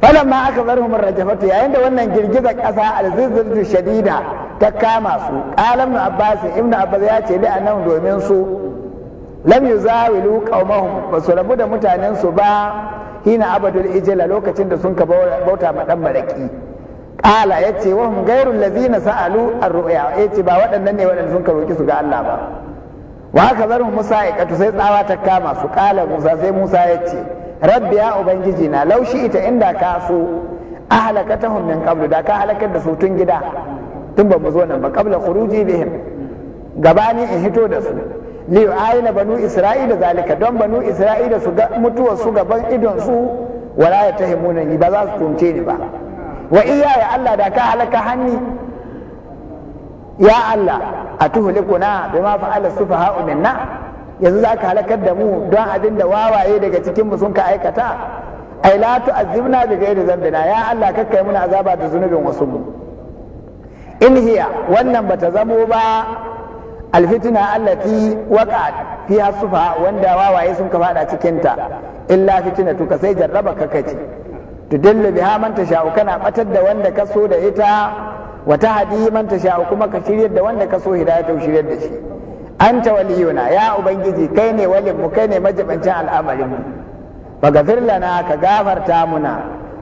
falamma aka zarhum rajafatu yayin da wannan girgizar ƙasa alzizzatu shadida ta kama su qalam na abbas ibnu abbas ya ce da annabi domin su lam yuzawilu qaumahum ba su rabu da mutanen su ba hina abadul ijla lokacin da sun ka bauta madan maraki qala yace wa hum ghairu allazina sa'alu ar-ru'ya yace ba waɗannan ne waɗanda sun ka roki su ga Allah ba wa haka musa ya sai tsawa ta kama su qala musa sai musa yace rabbi ya ubangiji na laushi ita inda ka so ahlakatahum min qablu da ka halakar da su tun gida tun ba mu zo nan ba qabla khuruji bihim gabani in hito da su li ayna banu isra'ila zalika don banu isra'ila su ga mutuwar su gaban idon su wala ya tahimuna ni ba za su tunce ni ba wa iya ya Allah da ka halaka hanni ya Allah atuhlikuna bima fa'ala sufaha'u minna yanzu za ka halakar da mu don abin da wawaye daga cikinmu sun ka aikata ai la tu'azzibna bi ghairi zambina ya Allah kakkai muna azaba da zunubin wasu mu in hiya wannan bata zamo ba alfitina allati waqa'at fiha sufa wanda wawaye sun ka fada cikin ta illa tu ka sai jarraba ka kakaci tudillu biha man tasha'u kana batar da wanda ka so da ita Wa hadi man tasha'u kuma ka shiryar da wanda ka so hidayatu shiryar da shi anta waliyuna ya ubangiji kai ne walin kai ne majibancin al'amarin mu faghfir lana ka gafarta muna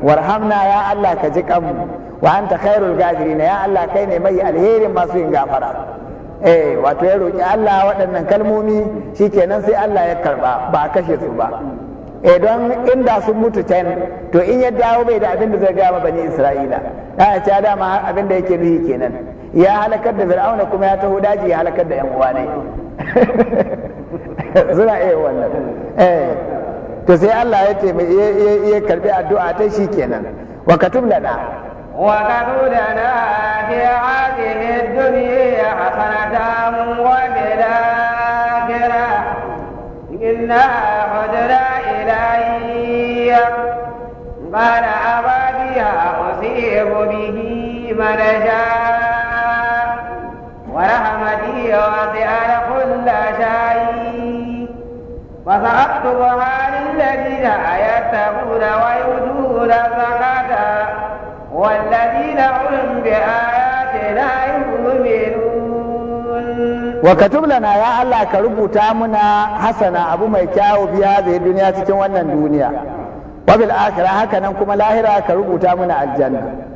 warhamna ya Allah ka ji kanmu wa anta khairul gafirin ya Allah kai ne mai alherin masu yin gafara eh wato ya roki Allah waɗannan kalmomi shi kenan sai Allah ya karba ba a kashe su ba eh don inda sun mutu can to in ya dawo bai da abin da zai gaya bani Isra'ila ya ce dama abin da yake nuhi kenan ya halakar da fir'auna kuma ya taho daji ya halakar da yan uwa ne suna iya wannan eh to sai Allah ya ce ya karbi addu'a ta shi kenan wa katum lana wa katum lana fi hadhihi dunya hasanatan wa bil akhirah inna hudra ilayya qala abadiya usibu bihi man Ramani ya wace hana kun da shayi, mas'astaba ma'anin daji na ayarta ku da wayo duhu na saƙata, Allah ka rubuta muni Hassan, abu mai kyau biya, da duniya cikin wannan duniya Ba bi la'akari hakan nan kuma lahira ka rubuta muni aljanna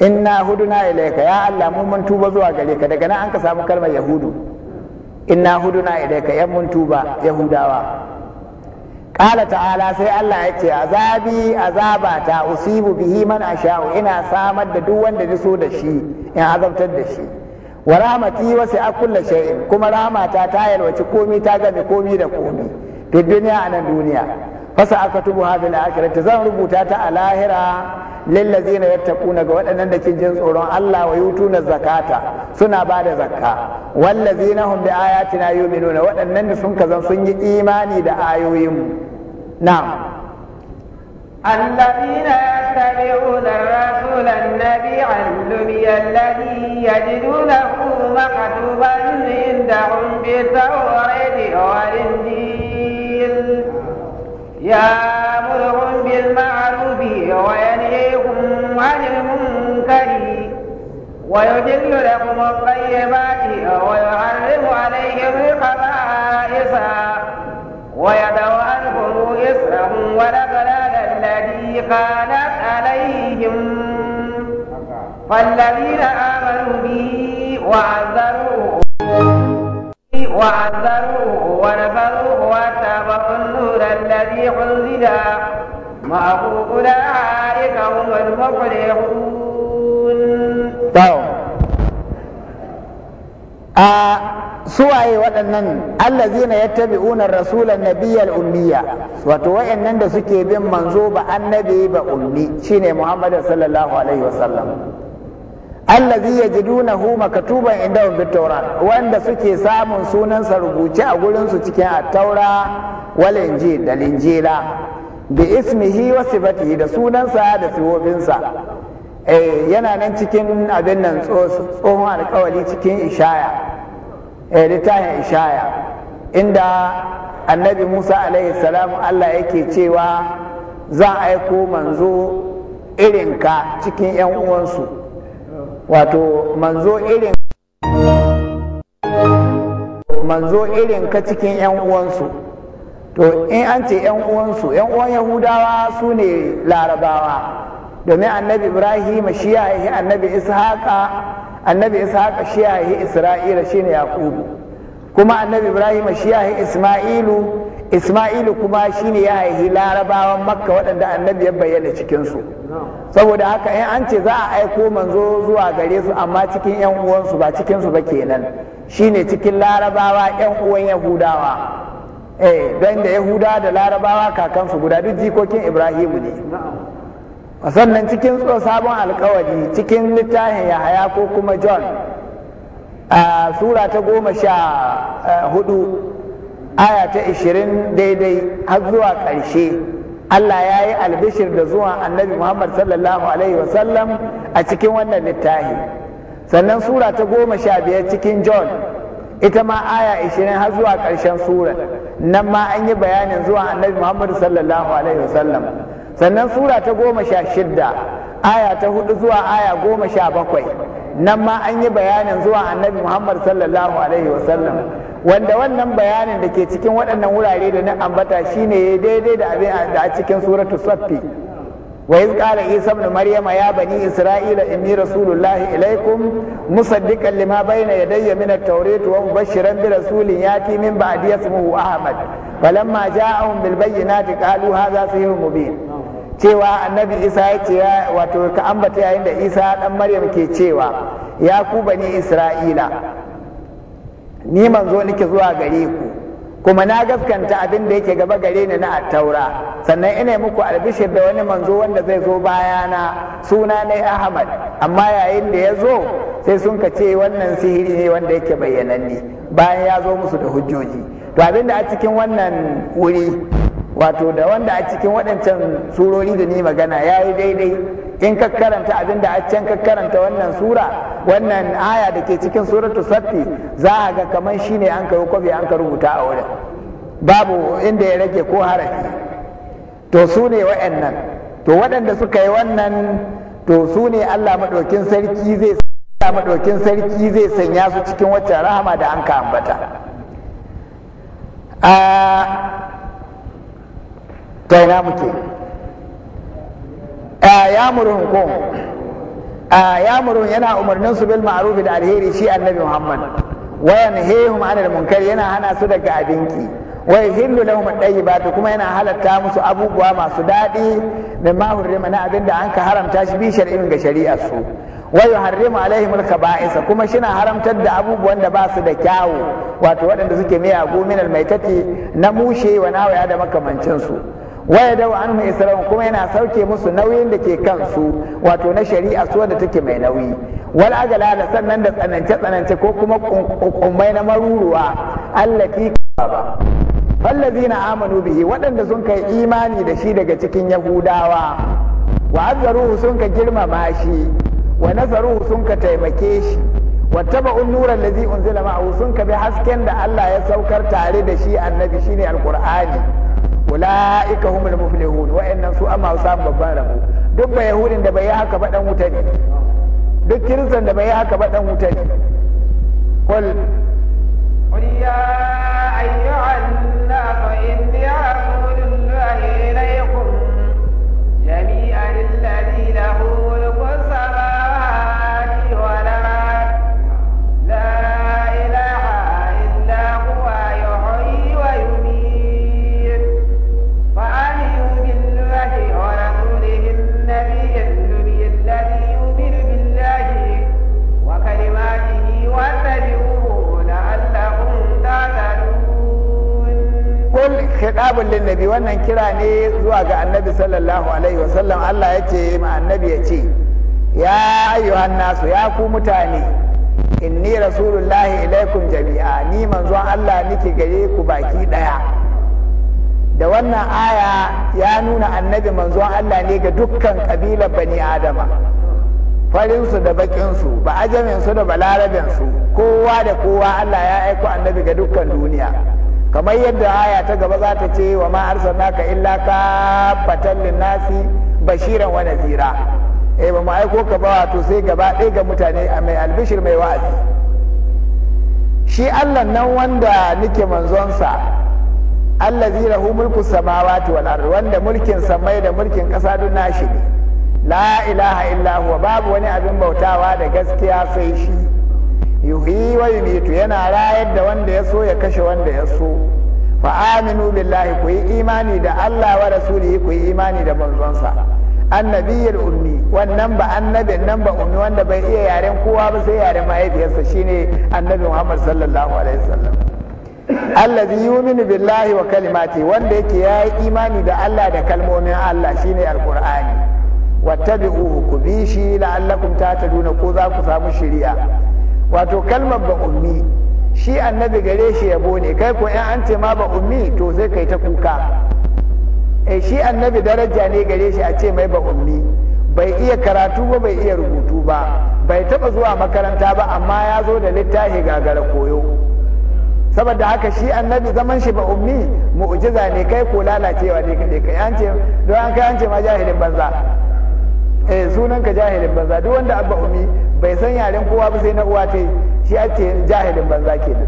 inna huduna ilayka ya Allah mu mun tuba zuwa gare ka daga nan an ka samu kalmar yahudu inna huduna ilayka yan mun tuba yahudawa qala ta'ala sai Allah ya ce azabi azaba ta usibu bihi man asha'u ina samar da duk wanda ni so da shi in azabtar da shi wa rahmati wa sai akulla shay'in kuma rahmata ta yalwaci komi ta gami komi da komi. Duk duniya nan duniya fasa akatubu hadha al-akhirati zan rubuta ta a lahira lillazina yattaquna ga waɗannan da ke jin tsoron Allah wa na zakata suna ba da zakka wallazina hum bi ayatina yu'minuna waɗannan da sun kazan sun yi imani da ayoyin mu na'am الذين يتبعون الرسول النبي الأمي الذي يجدونه مكتوبا عندهم بالتوراة والإنجيل يأمرهم بالمعروف وينهيهم عن المنكر ويجل لهم الطيبات ويحرم عليهم الخبائص ويدعو عنهم إسرهم والأغلال الذي كانت عليهم فالذين آمنوا به وعذروه وعذروه ونفروه الرسول الذي أنزل معه أولئك هم المفلحون a suwaye waɗannan allazina yattabi'una nabiyyal ummiya wato wayannan da suke bin manzo ba annabi ba ummi shine Muhammad sallallahu alaihi wasallam allazi yajidunahu makatuban indahum bit-taurat wanda suke samun sunansa rubuce a gurin su cikin at-taura wal injil da injila bi ismihi wa sifatihi da sunansa da sa eh yana nan cikin abin nan tsohon alƙawari cikin ishaya eh ishaya inda annabi Musa alaihi salam Allah yake cewa zan aiko manzo irinka cikin 'yan uwansu wato manzo irin manzo irin ka cikin 'yan uwansu to in an ce 'yan uwansu 'yan uwan yahudawa su ne larabawa domin annabi ibrahim shi ya yi annabi ishaqa annabi ishaqa shi ya yi isra'ila shine yakubu kuma annabi ibrahim shi ya yi isma'ilu Ismailu kuma shine ya haihi larabawan makka waɗanda annabi ya bayyana cikinsu saboda haka in an ce za a aiko manzo zuwa gare su amma cikin yan uwansu ba cikinsu ba kenan shine cikin larabawa yan uwan yahudawa eh don da yahudawa da larabawa kakansu guda duk jikokin ibrahimu ne sannan cikin sabon alkawari cikin littafin yahaya ko kuma john a sura ta goma sha eh, hudu aya ta 20 daidai har zuwa ƙarshe Allah ya yi albishir da zuwa annabi Muhammad sallallahu Alaihi wasallam a cikin wannan littahi sannan sura ta goma sha biyar cikin John ita ma aya 20 har zuwa ƙarshen sura nan ma an yi bayanin zuwa annabi Muhammad sallallahu Alaihi wasallam sannan sura ta goma sha shidda aya ta hudu zuwa aya goma sha bakwai nan ma an yi bayanin zuwa annabi Muhammad sallallahu Alaihi wasallam wanda wannan bayanin da ke cikin waɗannan wurare da na ambata shine daidai da abin da a cikin suratu saffi wa iz qala isa ibn maryama ya bani isra'ila inni rasulullahi ilaikum musaddiqan lima bayna yadayya min at-taurat wa mubashiran bi rasulin yati min ba'di ismihi ahmad falamma ja'ahum bil bayyinati qalu hadha sihrun mubin cewa annabi isa ya ce wato ka ambata yayin da isa dan maryam ke cewa ya ku bani isra'ila ni manzo nake zuwa gare ku kuma na gaskanta abin da yake gaba gare ni na attaura sannan ina muku albishir da wani manzo wanda zai zo bayana suna ne ahmad amma yayin da ya zo sai sun ka ce wannan sihiri ne wanda yake bayyananne bayan ya zo musu da hujjoji to abin da a cikin wannan wuri wato da wanda a cikin waɗancan surori da ni magana ya yi daidai in ka karanta abin da a can ka karanta wannan sura wannan aya da ke cikin suratu safi za a ga kamar shi ne an ka kwafi an ka rubuta a wurin babu inda ya rage ko harafi to su ne wa'annan to waɗanda suka yi wannan to su ne Allah maɗaukin sarki zai Allah maɗaukin sarki zai sanya su cikin waccan rahama da an ka ambata a ah, kai na muke ya yana umarnin su bil ma'ruf da alheri shi annabi Muhammad wa yanhihum 'anil munkar yana hana su daga abinki wa yahillu lahum at-tayyibat kuma yana halatta musu abubuwa masu dadi min ma hurrima na abinda an ka haramta shi bi shar'in ga shari'ar su wa yuharrimu alaihim al-kaba'is kuma shi na haramtar da abubuwan da ba su da kyawu wato waɗanda suke miyagu min al-maitati na mushe wa nawaya da makamancin su waya da an mai kuma yana sauke musu nauyin da ke kansu wato na shari'a su wanda take mai nauyi wal ajala da sannan da tsanance tsanance ko kuma kummai na maruruwa allati ba fallazina amanu bihi waɗanda sun kai imani da shi daga cikin yahudawa wa azzaruhu sun ka girmama shi wa nasaruhu sun ka taimake shi wattaba'un nura allazi unzila ma'ahu sun ka bi hasken da Allah ya saukar tare da shi annabi shine alqur'ani ulaika humul muflihun wa'annan su amma samun babban rabo duk ba yahudin da bai yi haka ba wuta ne duk kirzan da bai yi haka ba wuta ne qul qul ya nas inni ilaykum jami'an alladhi lahu khitabun lin nabi wannan kira ne zuwa ga annabi sallallahu alaihi wasallam Allah ya ce ma annabi ya ce ya ayyuhan nasu ya ku mutane inni rasulullahi ilaikum jami'a ni manzon Allah nake gare ku baki ɗaya da wannan aya ya nuna annabi manzon Allah ne ga dukkan kabilar bani adama farinsu da bakinsu ba ajaminsu da balarabinsu kowa da kowa Allah ya aiko annabi ga dukkan duniya kamar yadda aya ta gaba za ta ce wa ma ka illa ka fatan linnasi bashiran wa nazira eh ba mu aiko ka ba wato sai gaba ɗaya ga mutane a mai albishir mai wa'azi shi Allah nan wanda nake manzonsa allazi lahu mulku samawati wal ardi wanda mulkin samai da mulkin ƙasa duk nashi ne la ilaha illa huwa babu wani abin bautawa da gaskiya sai shi yuhyi wa yumitu yana rayar da wanda ya so ya kashe wanda ya so fa aminu billahi ku yi imani da Allah wa rasulihi ku yi imani da manzonsa annabiyul ummi wannan ba annabin nan ba ummi wanda bai iya yaren kowa ba sai yaren mahaifiyarsa shine annabi Muhammad sallallahu alaihi wasallam allazi yuminu billahi wa kalimati wanda yake yayi imani da Allah da kalmomin Allah shine alqur'ani wattabi'uhu ku bi shi la'allakum tahtaduna ko za ku samu shari'a wato kalmar ba ummi shi annabi gare shi yabo ne kai ko in an ce ma ba ummi to sai kai ta kuka eh shi annabi daraja ne gare shi a ce mai ba ummi bai iya karatu ba bai iya rubutu ba bai taba zuwa makaranta ba amma ya zo da littafi gagara koyo saboda haka shi annabi zaman shi ba ummi mu'jiza ne kai ko lalacewa ne kai an ce don an kai an ce ma jahilin banza eh sunan ka jahilin banza duk wanda abba umi bai san yaren kowa ba sai na uwa ta shi a ce jahilin banza kenan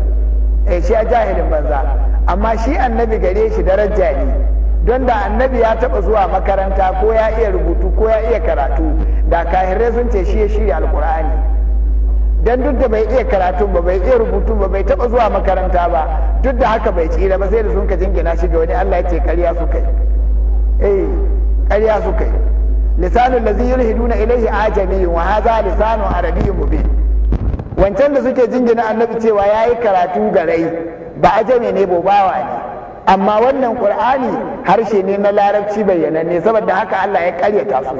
eh shi jahilin banza amma shi annabi gare shi daraja ne don da annabi ya taba zuwa makaranta ko ya iya rubutu ko ya iya karatu da kahirai sun ce shi ya shirya alkur'ani dan duk da bai iya karatu ba bai iya rubutu ba bai taba zuwa makaranta ba duk da haka bai tsira ba sai da sun ka jingina shi ga wani Allah ya ce ƙarya su kai eh, lisanu allazi yulhiduna ilayhi ajami wa hadha lisanu arabiy mubin wancan da suke jingina annabi cewa yayi karatu garai ba ajami ne bobawa ne amma wannan qur'ani harshe ne na larabci bayyananne saboda haka Allah ya karyata su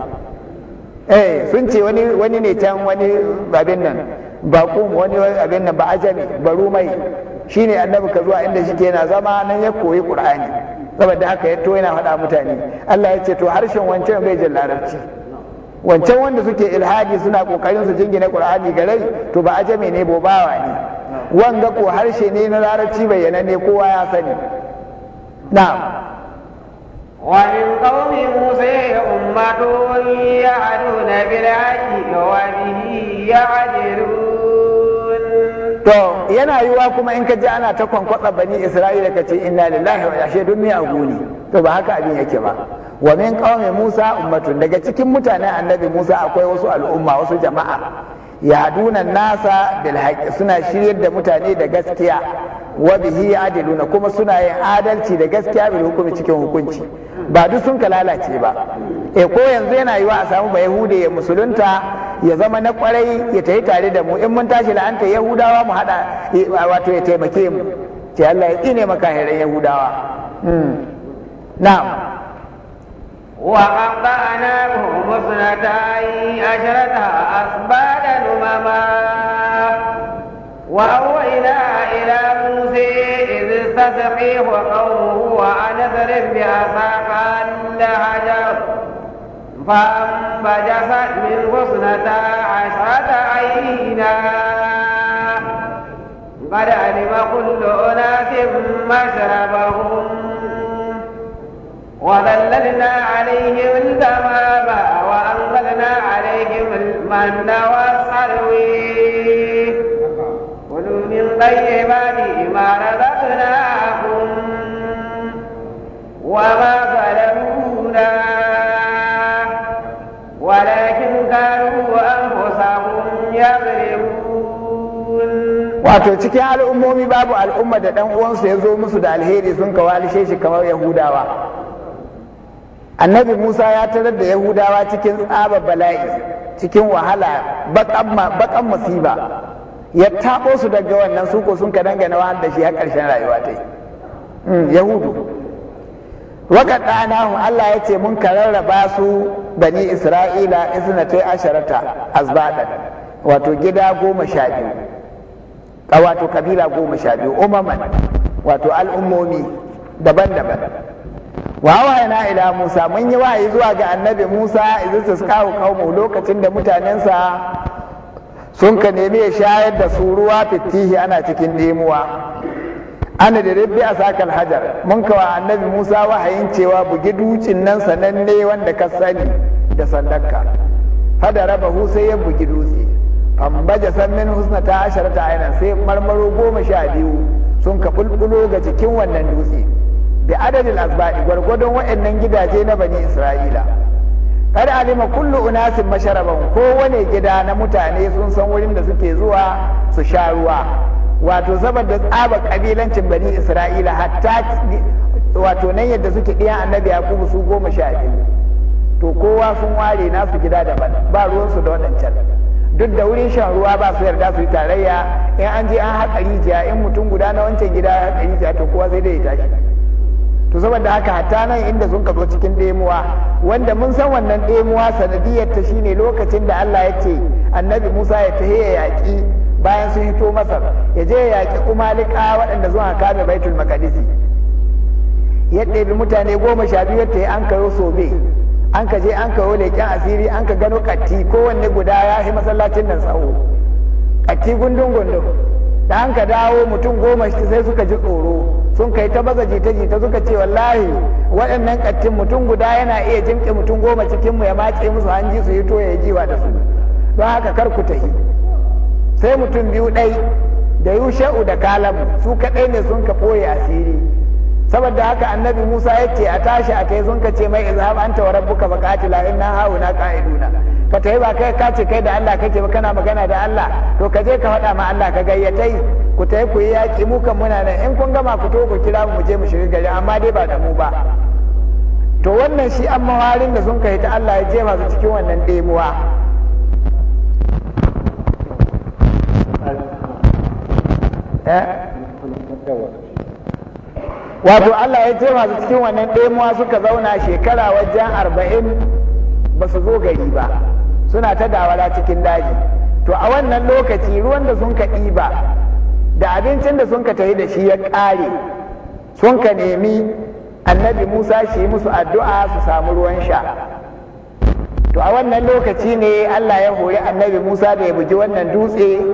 eh sun ce wani wani ne can wani babin nan ba wani abin nan ba ajami ba rumai shine annabi ka zuwa inda shi yana zama nan ya koyi qur'ani saboda haka ya to yana faɗa mutane Allah ya ce to harshen wancan bai jin larabci wancan wanda suke ilhadi suna kokarin su jingina qur'ani garai to ba ajami ne bawa ne wanga ko harshe ne na larabci ne kowa ya sani na'am ومن قوم موسى أمة يعدون بالعدل وبه يعدلون to yana yiwa kuma in ka ji ana ta kwankwatsa bani isra'ila ka ce inna lillahi wa ashe dun a guni to ba haka abin yake ba wa min qaumi musa ummatun daga cikin mutanen annabi musa akwai wasu al'umma wasu jama'a yaduna nasa bil suna shiryar da mutane da gaskiya wa bihi adiluna kuma suna yin adalci da gaskiya bil hukumi cikin hukunci ba duk sun ka lalace ba e ko yanzu yana yiwa a samu ba yahude ya musulunta ya zama na kwarai ya tafi tare da mu in mun tashi la'anta yahudawa mu hada eh, wato ya taimake mu ce Allah ya kine makahiran yahudawa hmm. na'am وقطعناه مثنتي عشرة wa أمما وأوحينا إلى موسى إذ تستفيه قومه وأن اضرب بعصاك كل حجر فانبجست منه اثنتا عشرة عينا قد علم كل أناس مشربهم وظللنا عليهم الغمام وأنزلنا عليهم المن والسلوي wato cikin al'ummomi babu al'umma da ɗan uwansu ya zo musu da alheri sun kawalishe shi kamar yahudawa annabi musa ya tarar da yahudawa cikin tsaba bala'i cikin wahala bakan masiba. ya tabo su daga wannan su ko sun ka dangana wa da shi har ƙarshen rayuwa ta yi mm, yahudu waka ɗanahu Allah ya ce mun kararraba su bani isra'ila isna ta asharata azbaɗan wato gida goma sha biyu wato kabila goma sha biyu umaman wato al'ummomi daban-daban wa wayana ila Musa mun yi wayi zuwa ga annabi Musa idan su kawo kawo lokacin da mutanensa sun ka nemi ya shayar da su ruwa fitihi ana cikin nemuwa ana da rabbi a sakal hajar mun kawa annabi musa wahayin cewa bugi dutsen nan sananne wanda ka sani da sandanka Hada raba hu sai ya bugi dutse An baje min husna ta ta aina sai marmaro goma sha biyu sun ka bulbulo ga cikin wannan dutse bi adadin asba'i gwargwadon waɗannan gidaje na bani isra'ila kar alima kullu unasin masharaban kowane gida na mutane sun san wurin da suke zuwa su sha ruwa wato saboda tsaba kabilancin bani isra'ila hatta wato nan yadda suke ɗiyan annabi yakubu su goma sha biyu to kowa sun ware nasu gida daban ba ruwansu da waɗancan duk da wurin shan ruwa ba su yarda su yi tarayya in an je an haƙa rijiya in mutum guda na wancan gida ya haƙa rijiya to kowa sai dai ya tashi to saboda haka hatta nan inda sun ka zo cikin demuwa wanda mun san wannan ɗemuwa sanadiyar ta shine lokacin da Allah ya ce annabi Musa ya tahe ya yaƙi bayan sun hito Masar ya je ya yaki Umalika waɗanda zuwa kame Baitul Maqdisi ya ɗebi mutane goma sha biyu ta an kayo sobe an ka je an kayo leƙen asiri an ka gano katti kowanne guda ya yi masallacin nan tsawo katti gundun gundun da an ka dawo mutum goma sai suka ji tsoro sun kai ta baza jita-jita suka ce wallahi waɗannan kattin mutum guda yana iya jimƙe mutum goma cikin mu ya matse musu hanji su yi toya jiwa da su don haka kar ku tahi sai mutum biyu ɗai da yushe'u da kalamu su kaɗai ne sun ka ɓoye asiri saboda haka annabi Musa ya ce a tashi a kai sun ka ce mai izhab anta wa rabbuka faqatila inna hauna qa'iduna ka tayi ba kai ka ce kai da Allah kake ba kana magana da Allah to ka je ka faɗa ma Allah ka gayyata ku tayi ku yi yaƙi mu kan muna nan in kun gama ku to ku kira mu je mu shiga gari amma dai ba da mu ba to wannan shi an mawarin da sun kai ta Allah ya je masu cikin wannan demuwa eh wato Allah ya ce masu cikin wannan ɗemuwa suka zauna shekara wajen arba'in ba su zo gari ba suna ta dawara cikin daji to a wannan lokaci ruwan da sun ka ɗiba da abincin da sun ka tafi da shi ya ƙare sun ka nemi annabi musa shi musu addu'a su samu ruwan sha to a wannan lokaci ne Allah ya hori annabi musa da ya bugi wannan dutse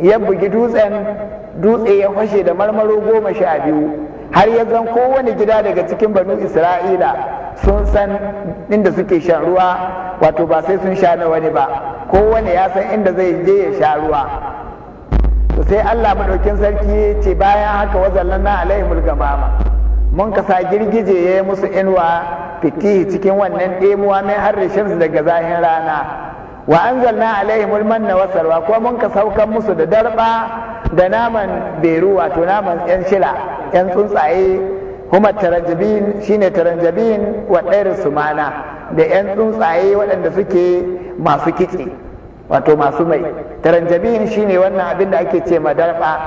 ya bugi dutsen dutse ya fashe da marmaro goma sha biyu har ya zan kowane gida daga cikin banu isra'ila sun san inda suke shan ruwa wato ba sai sun sha na wani ba kowane ya san inda zai je ya sha ruwa to sai allah maɗaukin sarki ce bayan haka wazallan na alaihimul gamama mun kasa girgije ya yi musu inuwa fitihi cikin wannan ɗemuwa mai har su daga zahin rana wa anzalna alaihimul manna wasarwa ko mun ka saukan musu da darba da naman beru wato naman yan shila 'yan tsuntsaye kuma taranjabin shine taranjabin wa mana da 'yan tsuntsaye waɗanda suke masu kitse wato masu mai taranjabin shine wannan abin da ake ce madarfa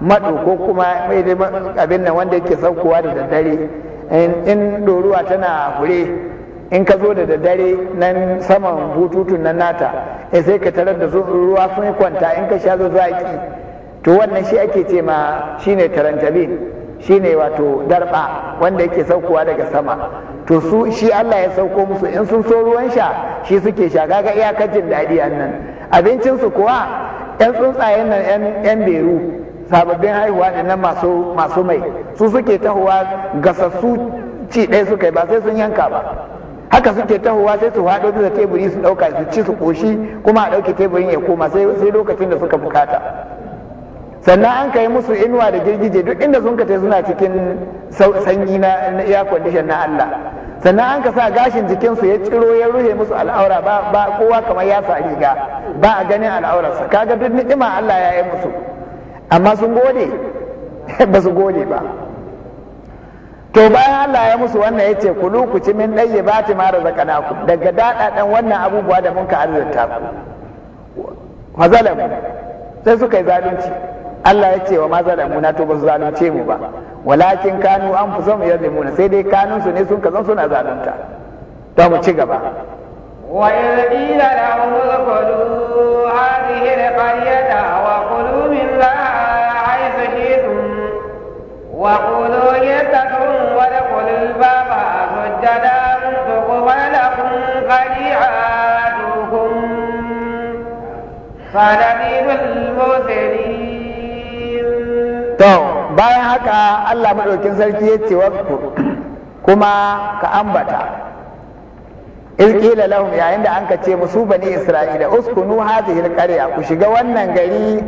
maɗo ko kuma mai abin nan wanda yake saukowa da daddare in ɗoruwa tana hure in ka zo da daddare nan saman bututun nan nata eh, sai ka tarar da ruwa sun kwanta in ka sha zo zaki to wannan shi ake ce ma shine taranjabin shine wato darba wanda yake saukowa daga sama to su shi Allah ya sauko musu in sun so ruwan sha shi suke sha gaga iyakar jin daɗi annan abincin su kuwa yan tsuntsayen nan yan beru sababbin haihuwa da nan masu masu mai su suke tahowa gasassu ci ɗaya suka yi ba sai sun yanka ba haka suke tahowa sai su haɗo da teburi su ɗauka su ci su ƙoshi kuma a ɗauke teburin ya koma sai lokacin da suka bukata sannan an kai musu inuwa da girgije duk inda sun ka suna cikin sanyi na air condition na Allah sannan an ka sa gashin jikinsu ya ciro ya ruhe musu al'aura ba kowa kamar ya sa riga ba a ganin al'aurarsa kaga duk ni'ima Allah ya yi musu amma sun gode ba su gode ba to bayan Allah ya musu wannan yace kulu ku ci min dayye ba ti mara razaqnakum daga dan wannan abubuwa da mun ka arzuta ku fazalam sai suka yi zalunci Allah ya ce wa maza da muna to ba su zalunce mu ba walakin kanu an fi son yadda muna, sai dai kanun su ne sun kazan suna zalunta to mu ci gaba wa yadila lahum qulu hadhihi alqaryata wa qulu minha haythu shi'tum wa qulu yatakun wa qulu albaba sujadan tuqbalakum qari'atukum فنذير المسلمين to bayan haka Allah maɗaukin sarki ya ce kuma ka ambata irƙila lahum yayin da an ka ce musu bani isra'ila uskunu hadhihi alqarya ku shiga wannan gari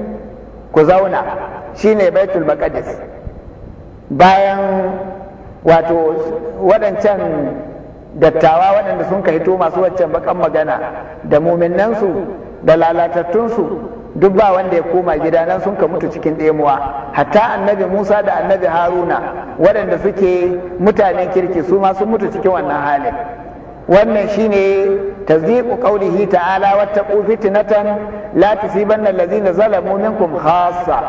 ku zauna shine baitul maqdis bayan wato waɗancan dattawa waɗanda sun ka hito masu waccan bakan magana da muminansu da lalatattun su duk ba wanda ya koma gida nan sun ka mutu cikin ɗemuwa hatta annabi musa da annabi haruna waɗanda suke mutanen kirki su ma sun mutu cikin wannan halin wannan shine tazdiqu qawlihi ta'ala wattaqu fitnatan la tusibanna allazina zalamu minkum khassa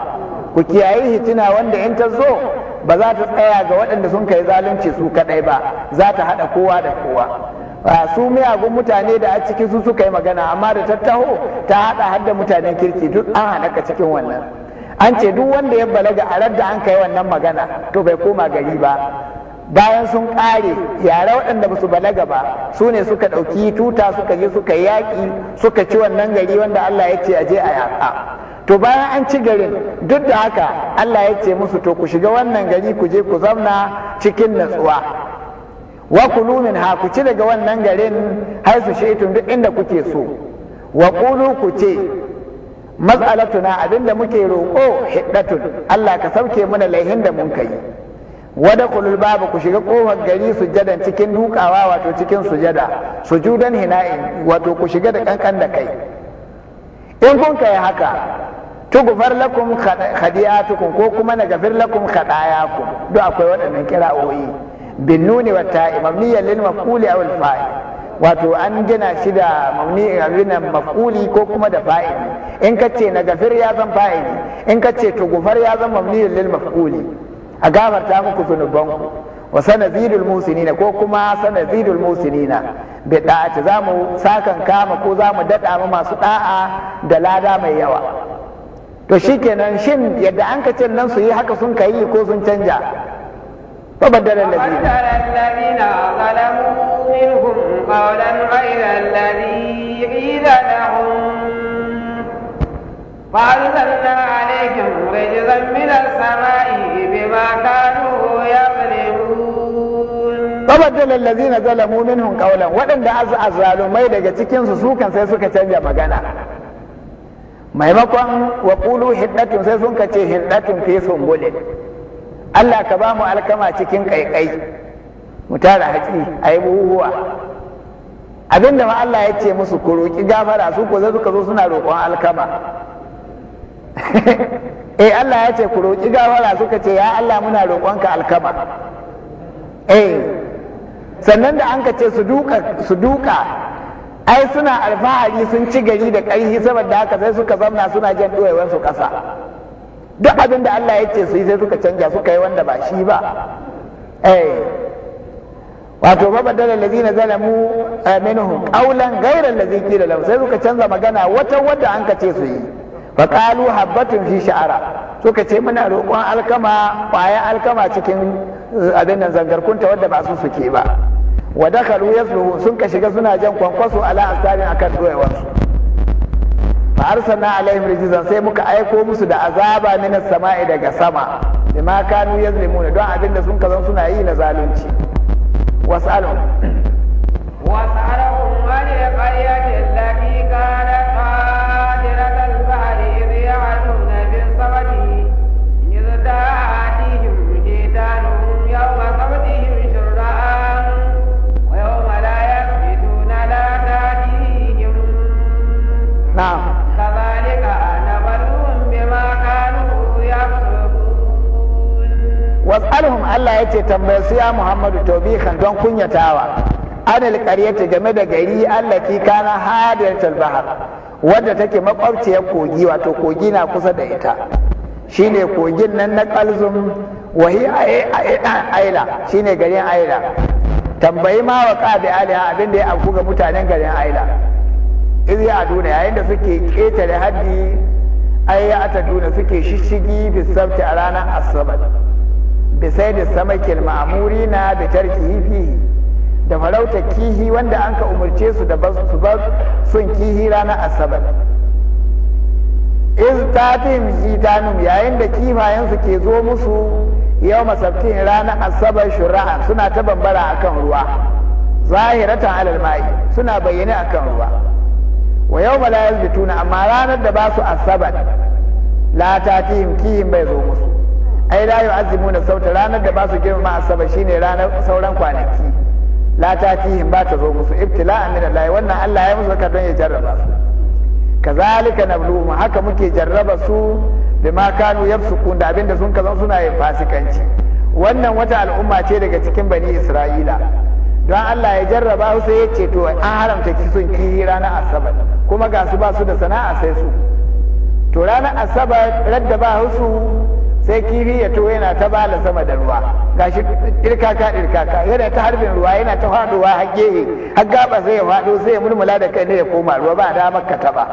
ku kiyaye hitina wanda in ta zo ba za ta tsaya ga waɗanda sun kai zalunci su kadai ba za ta hada kowa da kowa su miyagun mutane da a cikin su suka yi magana amma da tattaho ta hada hadda mutanen kirki duk an halaka cikin wannan an ce duk wanda ya balaga a da an kai wannan magana to bai koma gari ba bayan sun kare yare waɗanda ba su balaga ba su ne suka ɗauki tuta suka yi suka yaƙi suka ci wannan gari wanda Allah ya ce a je a yaƙa to bayan an ci garin duk da haka Allah ya ce musu to ku shiga wannan gari ku je ku zauna cikin natsuwa wa kulu min ku ci daga wannan garin har su shaitun duk inda kuke so wa kulu ku ce mas'alatuna abinda muke roƙo hiddatun Allah ka sauke mana laihin da mun kai wada kulul babu ku shiga kofar gari sujadan cikin dukawa wato cikin sujada sujudan hina'in wato ku shiga da kankan da kai in kun kai haka tugfar lakum khadiyatukum ko kuma nagfir lakum khadayakum duk akwai waɗannan kira'o'i bin nuni wa ta'i mamniyan lil maquli aw al fa'il wato an gina shi da mamni abinan maquli ko kuma da fa'il in kace na gafir ya zan fa'il in kace to gufar ya zan mamniyan lil maquli a gafarta muku zunubanku wa sanazidul musinina ko kuma sanazidul musinina bi da'ati zamu sakan kama ko zamu dada ma masu da'a da lada mai yawa to shikenan shin yadda an ka nan su yi haka sun kai ko sun canja فبدل الذين الذين ظلموا منهم قولا غير الذي قيل لهم فأرسلنا عليهم رجزا من السماء بما كانوا يظلمون فبدل الذين ظلموا منهم قولا ولن دعز الظالمين daga cikin su su kan sai suka canja magana maimakon wa qulu hiddatun sai sun kace hiddatun fi sumbulin Allah ka ba mu alkama cikin ƙaiƙai mu tara haƙi a yi buhuhuwa abinda ma Allah ya ce musu ku roƙi gafara su ko zai suka zo suna roƙon alkama eh Allah ya ce ku roƙi gafara suka ce ya Allah muna roƙonka alkama eh sannan da an ka ce su duka su duka ai suna alfahari sun ci gari da ƙarfi saboda haka sai suka zamna suna jan ɗoyewar su ƙasa duk abin da Allah ya ce su yi sai suka canja suka yi wanda ba shi ba eh wato fa badala allazina zalamu aminuhum eh, qawlan ghayra allazi qila lahum sai suka canza magana wata wanda an kace su yi fa qalu habatun fi sha'ara suka ce muna roƙon alkama kwaya alkama cikin eh, abin nan zangarkunta wanda ba su suke ba wa dakalu yasluhu sun ka shiga suna jan kwankwaso ala asarin akan doyawansu fa arsalna alaihim rijzan sai muka aiko musu da azaba min samai daga sama bima kanu yazlimuna don abin da sun kazan suna yi na zalunci ya was'alhum wani qaryati allati kana fas'alhum Allah ya ce tambayar su ya Muhammadu tobihan don kunyatawa anil qaryati game da gari Allah ki kana hadiratul bahr wadda take makwabciyar kogi wato kogi na kusa da ita shine kogin nan na kalzum wahi aila shine garin aila tambayi ma wa qadi aliha abin da ya afku ga mutanen garin aila In ya aduna yayin da suke ƙetare haddi ai ya ataduna suke shishigi bisabti a ranar asabar bisai samakin samakil ma'amuri na da tarkihi da farautar kihi wanda an ka umarce su da su ba sun kihi ranar asabar iz ta jitanum yayin da kifayensu ke zo musu yau masabtin ranar asabar shura'a suna ta bambara akan ruwa zahiratan alal ma'i suna bayyane akan ruwa wa yau la yazbituna amma ranar da ba su asabar la tatim kihin bai zo musu ai la na sauta ranar da ba su girma asaba shine ranar sauran kwanaki la tihim ba ta zo musu ibtila'an min Allah wannan Allah ya musu ka don ya jarraba su kazalika nabluhum haka muke jarraba su bima kanu yafsukun da abinda sun kazan suna yin fasikanci wannan wata al'umma ce daga cikin bani Isra'ila don Allah ya jarraba su sai ya ce to an haramta ki sun ki ranar asabar kuma ga su ba su da sana'a sai su to ranar asabar radda ba su sai kifi ya to yana ta bala sama da ruwa gashi irkaka irkaka yana ta harbin ruwa yana ta faduwa har gehe har gaba sai ya fado sai ya mulmula da kai ne ya koma ruwa ba da maka ta ba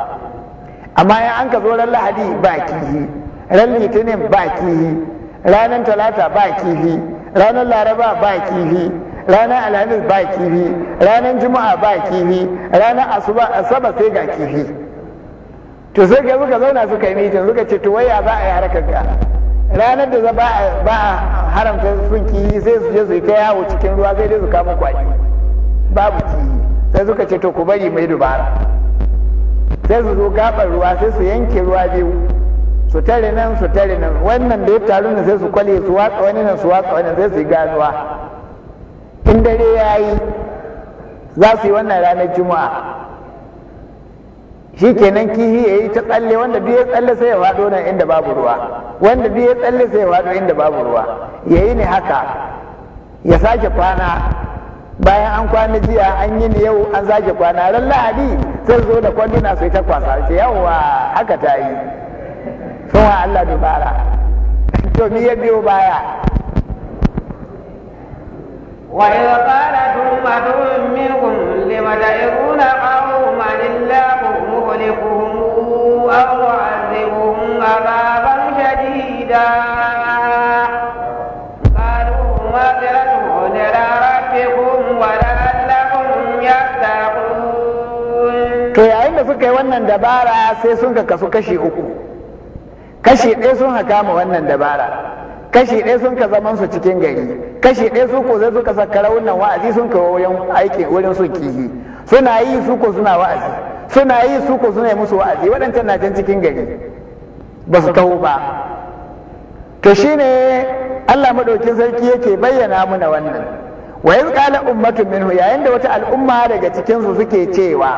amma in an ka zo ran lahadi ba kifi ran litinin ba kifi ranar talata ba kifi ranar laraba ba kifi ranar alhamis ba kifi ranar juma'a ba kifi ranar asuba asaba sai ga kifi to sai ga suka zauna suka yi mitin suka ce to waya za a yi harkar ga ranar da ba a haramta sun kiyi sai su je su ta yawo cikin ruwa sai dai su kama kwaki babu kiyi sai suka ce to ku bari mai dubara sai su zo gabar ruwa sai su yanke ruwa biyu su tare nan su tare nan wannan da ya taru ne sai su kwale su watsa wani nan su watsa wani sai su yi ganuwa in dare ya yi za su yi wannan ranar juma'a shi kenan kihi ya yi ta tsalle wanda duk ya tsalle sai ya wado nan inda babu ruwa wanda duk ya tsalle sai ya wado inda babu ruwa ya yi ne haka ya sake kwana bayan an kwana jiya an yi ne yau an sake kwana ran lahadi sai zo da kwanduna sai ta kwasa ce yawwa haka ta yi sun wa Allah dubara to ni ya biyo baya وإذ قالت أمة منهم لم تئرون قوما الله مهلكهم أو معذبهم عذابا شديدا قالوا مغفرة إلى ربكم ولعلهم يتقون To yayin da suka yi wannan dabara sai sun ka kasu kashi uku, kashi ɗaya sun haka ma wannan dabara. kashi ɗaya sun ka zaman su cikin gari kashi ɗaya su ko zai suka sakara wannan wa'azi sun ka wayan aiki wurin su kihi suna yi su ko suna wa'azi suna yi su ko suna yi musu wa'azi waɗancan na can cikin gari ba su taho ba to shine Allah madaukin sarki yake bayyana muna wannan wa iz qala ummatun minhu yayin da wata al'umma daga cikin su suke cewa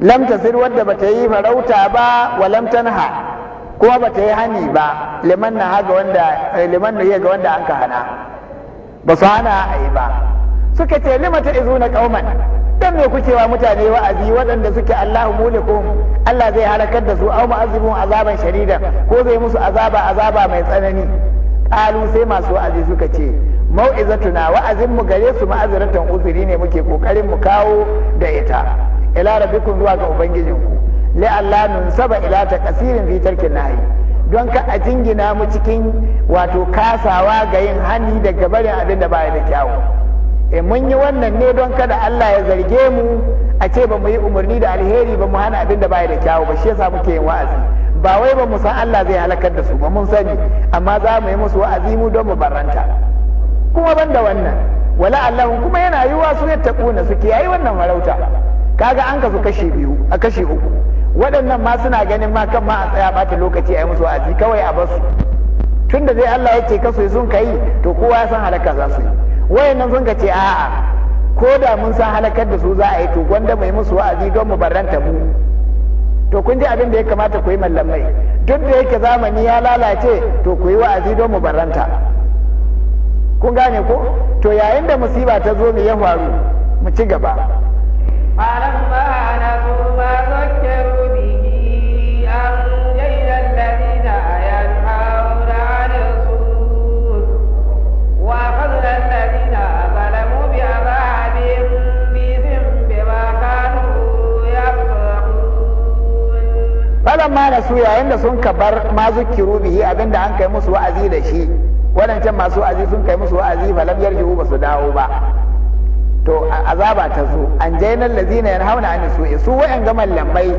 lam tasir wadda bata yi farauta ba wa lam tanha kuma ba ta yi hani ba liman na haga wanda eh, liman na ga wanda an ka hana ba su hana a yi ba suka ce lima ta izu na kauman dan me kuke wa mutane wa'azi waɗanda suke Allahu mulikum Allah zai halakar da su au mu'azibun azaban sharidar ko zai musu azaba azaba mai tsanani qalu sai masu wa'azi suka ce mau'izatuna wa'azin mu gare su ma'azratan uzuri ne muke kokarin mu kawo da ita ila rabbikum zuwa ga ubangijinku la'alla nun saba ila ta kasirin fi tarkin nahi don ka a jingina mu cikin wato kasawa ga yin hani daga barin abin da baya da kyawu e mun yi wannan ne don kada Allah ya zarge mu a ce ba mu yi umarni da alheri ba mu hana abin da baya da kyawu ba shi yasa muke yin wa'azi ba wai ba mu san Allah zai halakar da su ba mun sani amma za mu yi musu wa'azi mu don mu barranta kuma banda wannan wala Allah kuma yana yiwa su taƙuna su yi wannan farauta kaga an kasu kashi biyu a kashi uku waɗannan ma suna ganin ma kan ma a tsaya ɓata lokaci a yi musu wa'azi kawai a basu tunda zai Allah ya ce kasu sun kai to kowa ya san halaka za su yi wayannan sun ce a'a ko da mun san halakar da su za a yi to gwanda mai musu wa'azi don mu barranta mu to kun ji abin da ya kamata ku yi mallamai duk da yake zamani ya lalace to ku yi wa'azi don mu baranta. kun gane ko to yayin da musiba ta zo mu ya faru mu ci gaba ma da su yayin da sun kabar ma zukiru abinda an kai musu wa'azi da shi wadancan masu wa'azi sun kai musu wa'azi fa lam ba su dawo ba to azaba ta zo an jainar lazina yan hauna an su su wa'yan gaman lambai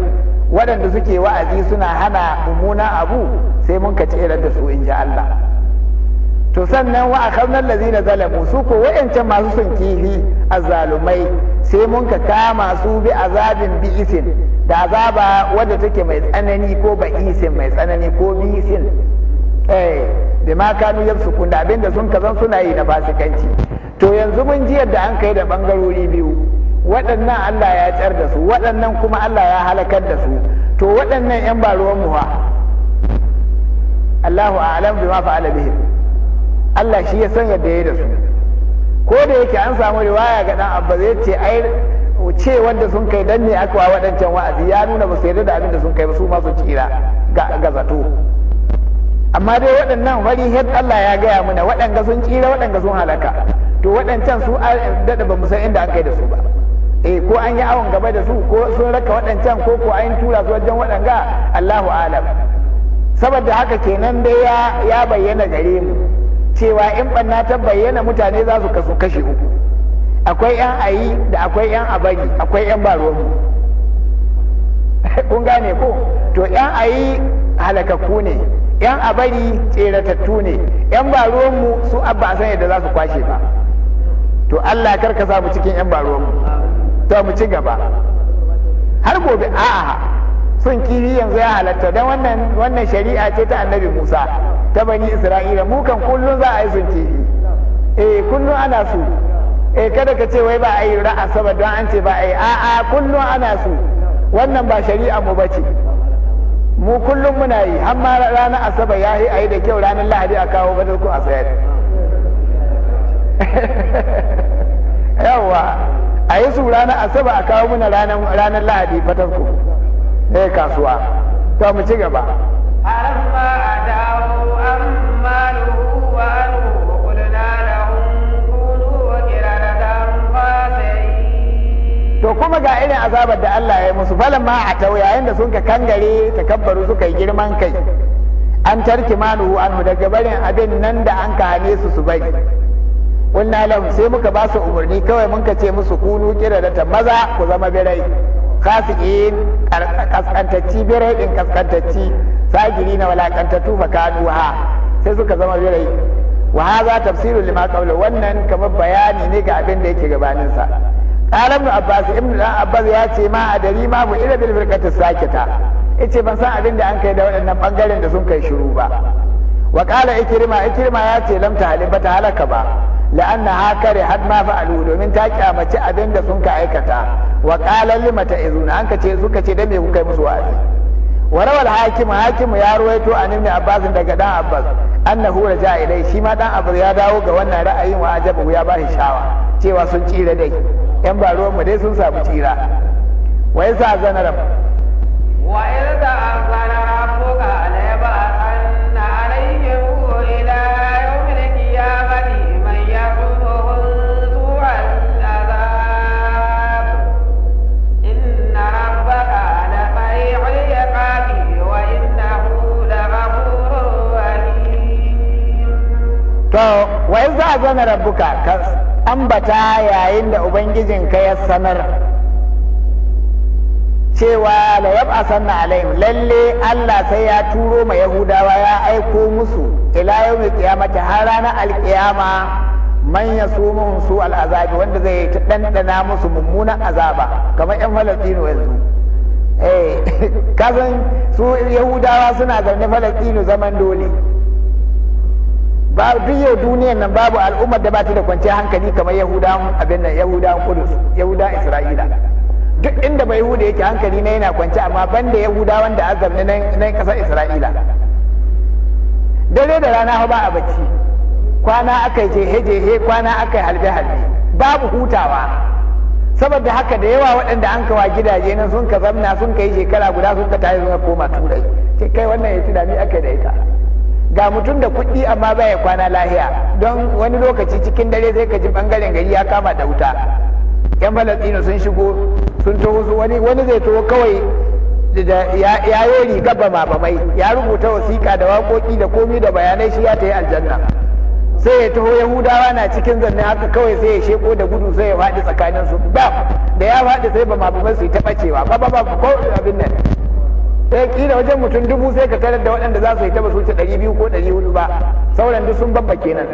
waɗanda suke wa'azi suna hana mummuna abu sai mun ka tsere da su in ji Allah to sannan wa akhadna ladina zalamu su ko wayan wa'yancan masu sun kifi azzalumai sai mun ka kama su bi azabin bi'isin da azaba wadda take mai tsanani ko ba'isin mai tsanani ko isin eh bima kanu yabsukun da abinda sun kazan suna yi na fasikanci to yanzu mun ji yadda an kai da bangarori biyu waɗannan Allah ya tsar da su waɗannan kuma Allah ya halakar da su to waɗannan 'yan ba ruwan mu Allahu a'lam bima fa'ala bihim Allah shi ya san yadda ya da su ko da yake an samu riwaya ga dan Abba zai ce ai ce wanda sun kai dan ne aka wa waɗancan wa'azi ya nuna ba su yarda da abin da sun kai ba su ma su tsira ga zato amma dai waɗannan wari head Allah ya gaya mana waɗanda sun tsira waɗanda sun halaka to waɗancan su daɗa ba mu san inda an yi da su ba e ko an yi awon gaba da su ko sun raka waɗancan ko ko an tura su wajen waɗanga Allahu alam saboda haka kenan dai ya ya bayyana gare mu cewa in banna ta bayyana mutane za su kasu kashi uku akwai yan ayi da akwai yan abari akwai yan mu kun gane ko to yan ayi halakakku ne yan abari tseratattu ne yan ba ruwanmu su abba a san yadda za su kwashe ba to Allah kar ka samu cikin yan ba ruwanmu to mu ci gaba har gobe a'a sun kiri yanzu ya halatta dan wannan shari'a ce ta annabi Musa ta bani Isra'ila mu kan kullun za a yi sun kiri eh kullun ana su eh kada ka ce wai ba a yi ra'a saboda don an ce ba a yi a'a kullun ana su wannan ba shari'a mu bace mu kullum muna yi har ma ranar asaba ya yi a yi da kyau ranar lahadi a kawo badar ku a sayar yawa a yi su ranar asaba a kawo muna ranar lahadi fatan ku ne eh, kasuwa to mu ci gaba har ma a dawo to kuma ga irin azabar da Allah ya musu falan ma a tau yayin da sun ka kangare takabbaru suka yi girman kai an tarki manuhu anhu daga barin abin nan da an hane su su bai. qulna lahum sai muka ba su umarni kawai mun ka ce musu kunu kira da maza ku zama birai khasiqin kaskantacci birai din kaskantacci sagiri na walakantatu fa kaduha sai suka zama birai wa hadha tafsirul lima qawla wannan kamar bayani ne ga abin da yake gabanin sa qala ibn abbas ibn abbas ya ce ma a dari ma mu ila bil firqati sakita yace ban san abin da an kai da waɗannan bangaren da sun kai shiru ba wa qala ikrima ikrima ya ce lam ta ba ta halaka ba la'anna kare had ma fa'alu domin ta kyamaci abin da sun ka aikata wa qala limata izuna an ka ce suka ce dan me kuka yi musu wa'azi wa rawal hakim hakim ya ruwaito an ibn abbas daga dan abbas annahu raja ilai shi ma dan abbas ya dawo ga wannan ra'ayin wa ajabu ya bashi shawa cewa sun tsira dai yan ba mu dai sun samu tsira wa sa zana rabu wa yasa zana rabu ka alayba anna alayhim ila yawmil qiyamati man yaqumu su'al azab inna rabbaka la sari'ul iqabi wa innahu la ghafurur rahim to wa sa zana rabbuka ambata yayin da ubangijinka ya sanar cewa la sanna alaihim lalle Allah sai ya turo ma yahudawa ya aiko musu ila yawmi qiyamati har ranar alqiyama man yasumun su al'azabi wanda zai ta dandana musu mummunan azaba kamar yan falastino yanzu eh kazan su yahudawa suna zaune falastino zaman dole ba duk yau duniyar nan babu al'ummar da ba ta da kwanciyar hankali kamar yahudan abin nan yahudan kudus yahudan isra'ila duk inda bai yahuda yake hankali na yana kwanci amma banda Yahudawan da azab ne nan kasar isra'ila dare da rana ba a bacci kwana aka yi jehe jehe kwana aka yi halbe halbe babu hutawa saboda haka da yawa waɗanda an kawa gidaje nan sun ka zamna sun ka yi shekara guda sun ka tashi sun koma turai kai wannan ya ni aka da ita ga mutum da kuɗi amma baya kwana lahiya don wani lokaci cikin dare zai ka ji bangaren gari ya kama da wuta yan falastino sun shigo sun taho su wani wani zai taho kawai da ya yi riga ba mamamai ya rubuta wasiƙa da waƙoƙi da komi da bayanai shi ya ta yi aljanna sai ya taho yahudawa na cikin zanne haka kawai sai ya sheko da gudu sai ya faɗi tsakanin su ba da ya faɗi sai ba mamamai su yi taɓa cewa ba ba ba ko abin nan sai kila wajen mutum dubu sai ka tarar da waɗanda za su yi ta ba wuce ɗari biyu ko ɗari hudu ba sauran duk sun babba kenan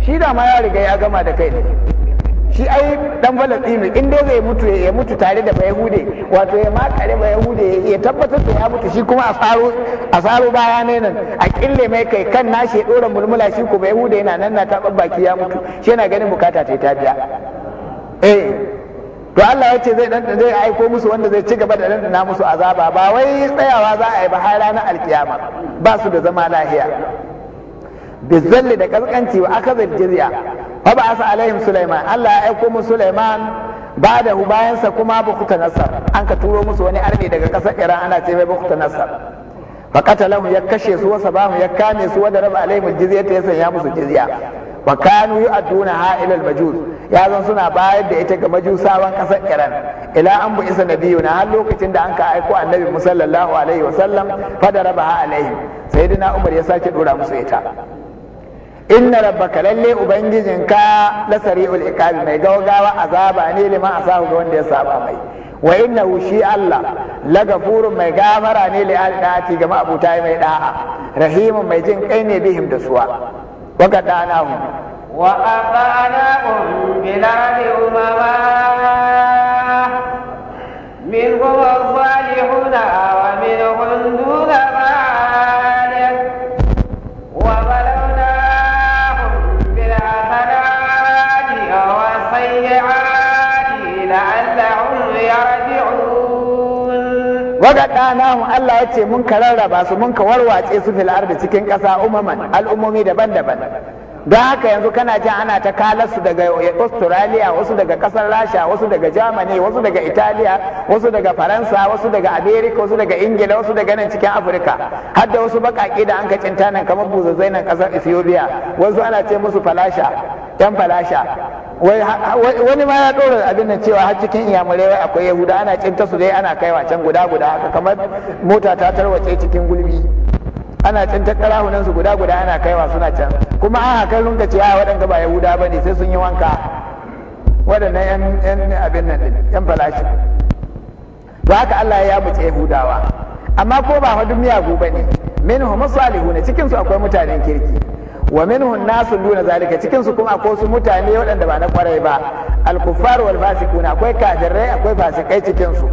shi da ma ya riga ya gama da kai ne shi ai dan ne in dai zai mutu ya mutu tare da bayahude wato ya makare bayahude ya tabbatar da ya mutu shi kuma a faro a faro baya ne nan a kille mai kai kan nashi ya mulmula shi ko bayahude yana nan na taɓa baki ya mutu shi yana ganin bukata ta ta biya eh to Allah ya ce zai dan zai aiko musu wanda zai ci gaba da dandana musu azaba ba wai tsayawa za a yi ba har ranar alkiyama ba su da zama lahiya zalli da kaskanci wa aka jizya fa ba asa alaihim sulaiman Allah ya aiko musu sulaiman ba da bayansa kuma bukuta nasar an ka turo musu wani armi daga kasar iran ana ce mai bukuta nasar fa qatalahu ya kashe su wa sabahu ya kame su wa da raba alaihim ta ya sanya musu jizya wa kanu yu'adduna ha ila al-majus ya zan suna bayar da ita ga majusawan kasar Iran ila an bu isa nabiyu na har lokacin da an ka aiko annabi musallallahu alaihi wa sallam fadaraba ha alaihi sayyidina Umar ya sake dora musu ita inna rabbaka lalle ubangijinka la sari'ul mai gawgawa azaba ne liman asahu ga wanda ya saba mai wa innahu shi Allah la gafurun mai gafara ne li al ga mabuta mai da'a rahimun mai jin kai ne bihim da suwa وقطعناهم وقطعناهم بلاد أمما منهم الصالحون ومنهم دون waga mu Allah ya ce mun kararraba su mun ka warwace su fil ardi cikin ƙasa umaman al'ummomi daban-daban don haka yanzu kana jin ana ta kalarsu daga australia wasu daga kasar rasha wasu daga germany wasu daga italiya wasu daga faransa wasu daga america wasu daga ingila wasu daga nan cikin afirka har da wasu bakaki da an ka cinta nan kamar buzazzai nan kasar ethiopia wasu ana ce musu falasha yan falasha wani ma ya ɗora abin nan cewa har cikin iyamurai akwai yahuda ana cinta su dai ana kaiwa can guda guda haka kamar mota ta tarwace cikin gulbi ana can ta karahunan su guda guda ana kaiwa suna can kuma an haka runka ce a waɗanda ba yahuda ba ne sai sun yi wanka waɗannan yan yan abin nan din yan falashi to haka Allah ya buce yahudawa amma ko ba fa duniya go bane ne minhum salihuna cikin su akwai mutanen kirki wa minhum nasu duna zalika cikin su kuma akwai su mutane waɗanda ba na kwarai ba al-kuffar wal fasiquna akwai kafirai akwai fasikai cikin su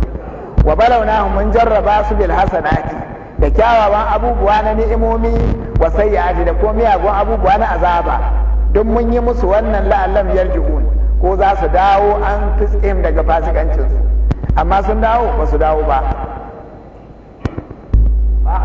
wa balawnahum mun jarraba su bil hasanati da kyawawan abubuwa na ni'imomi wa ya da ko miyagun abubuwa na azaba duk mun yi musu wannan la'allam yarji'un ko za su dawo an daga fasikancin su amma sun dawo ba su dawo ba fa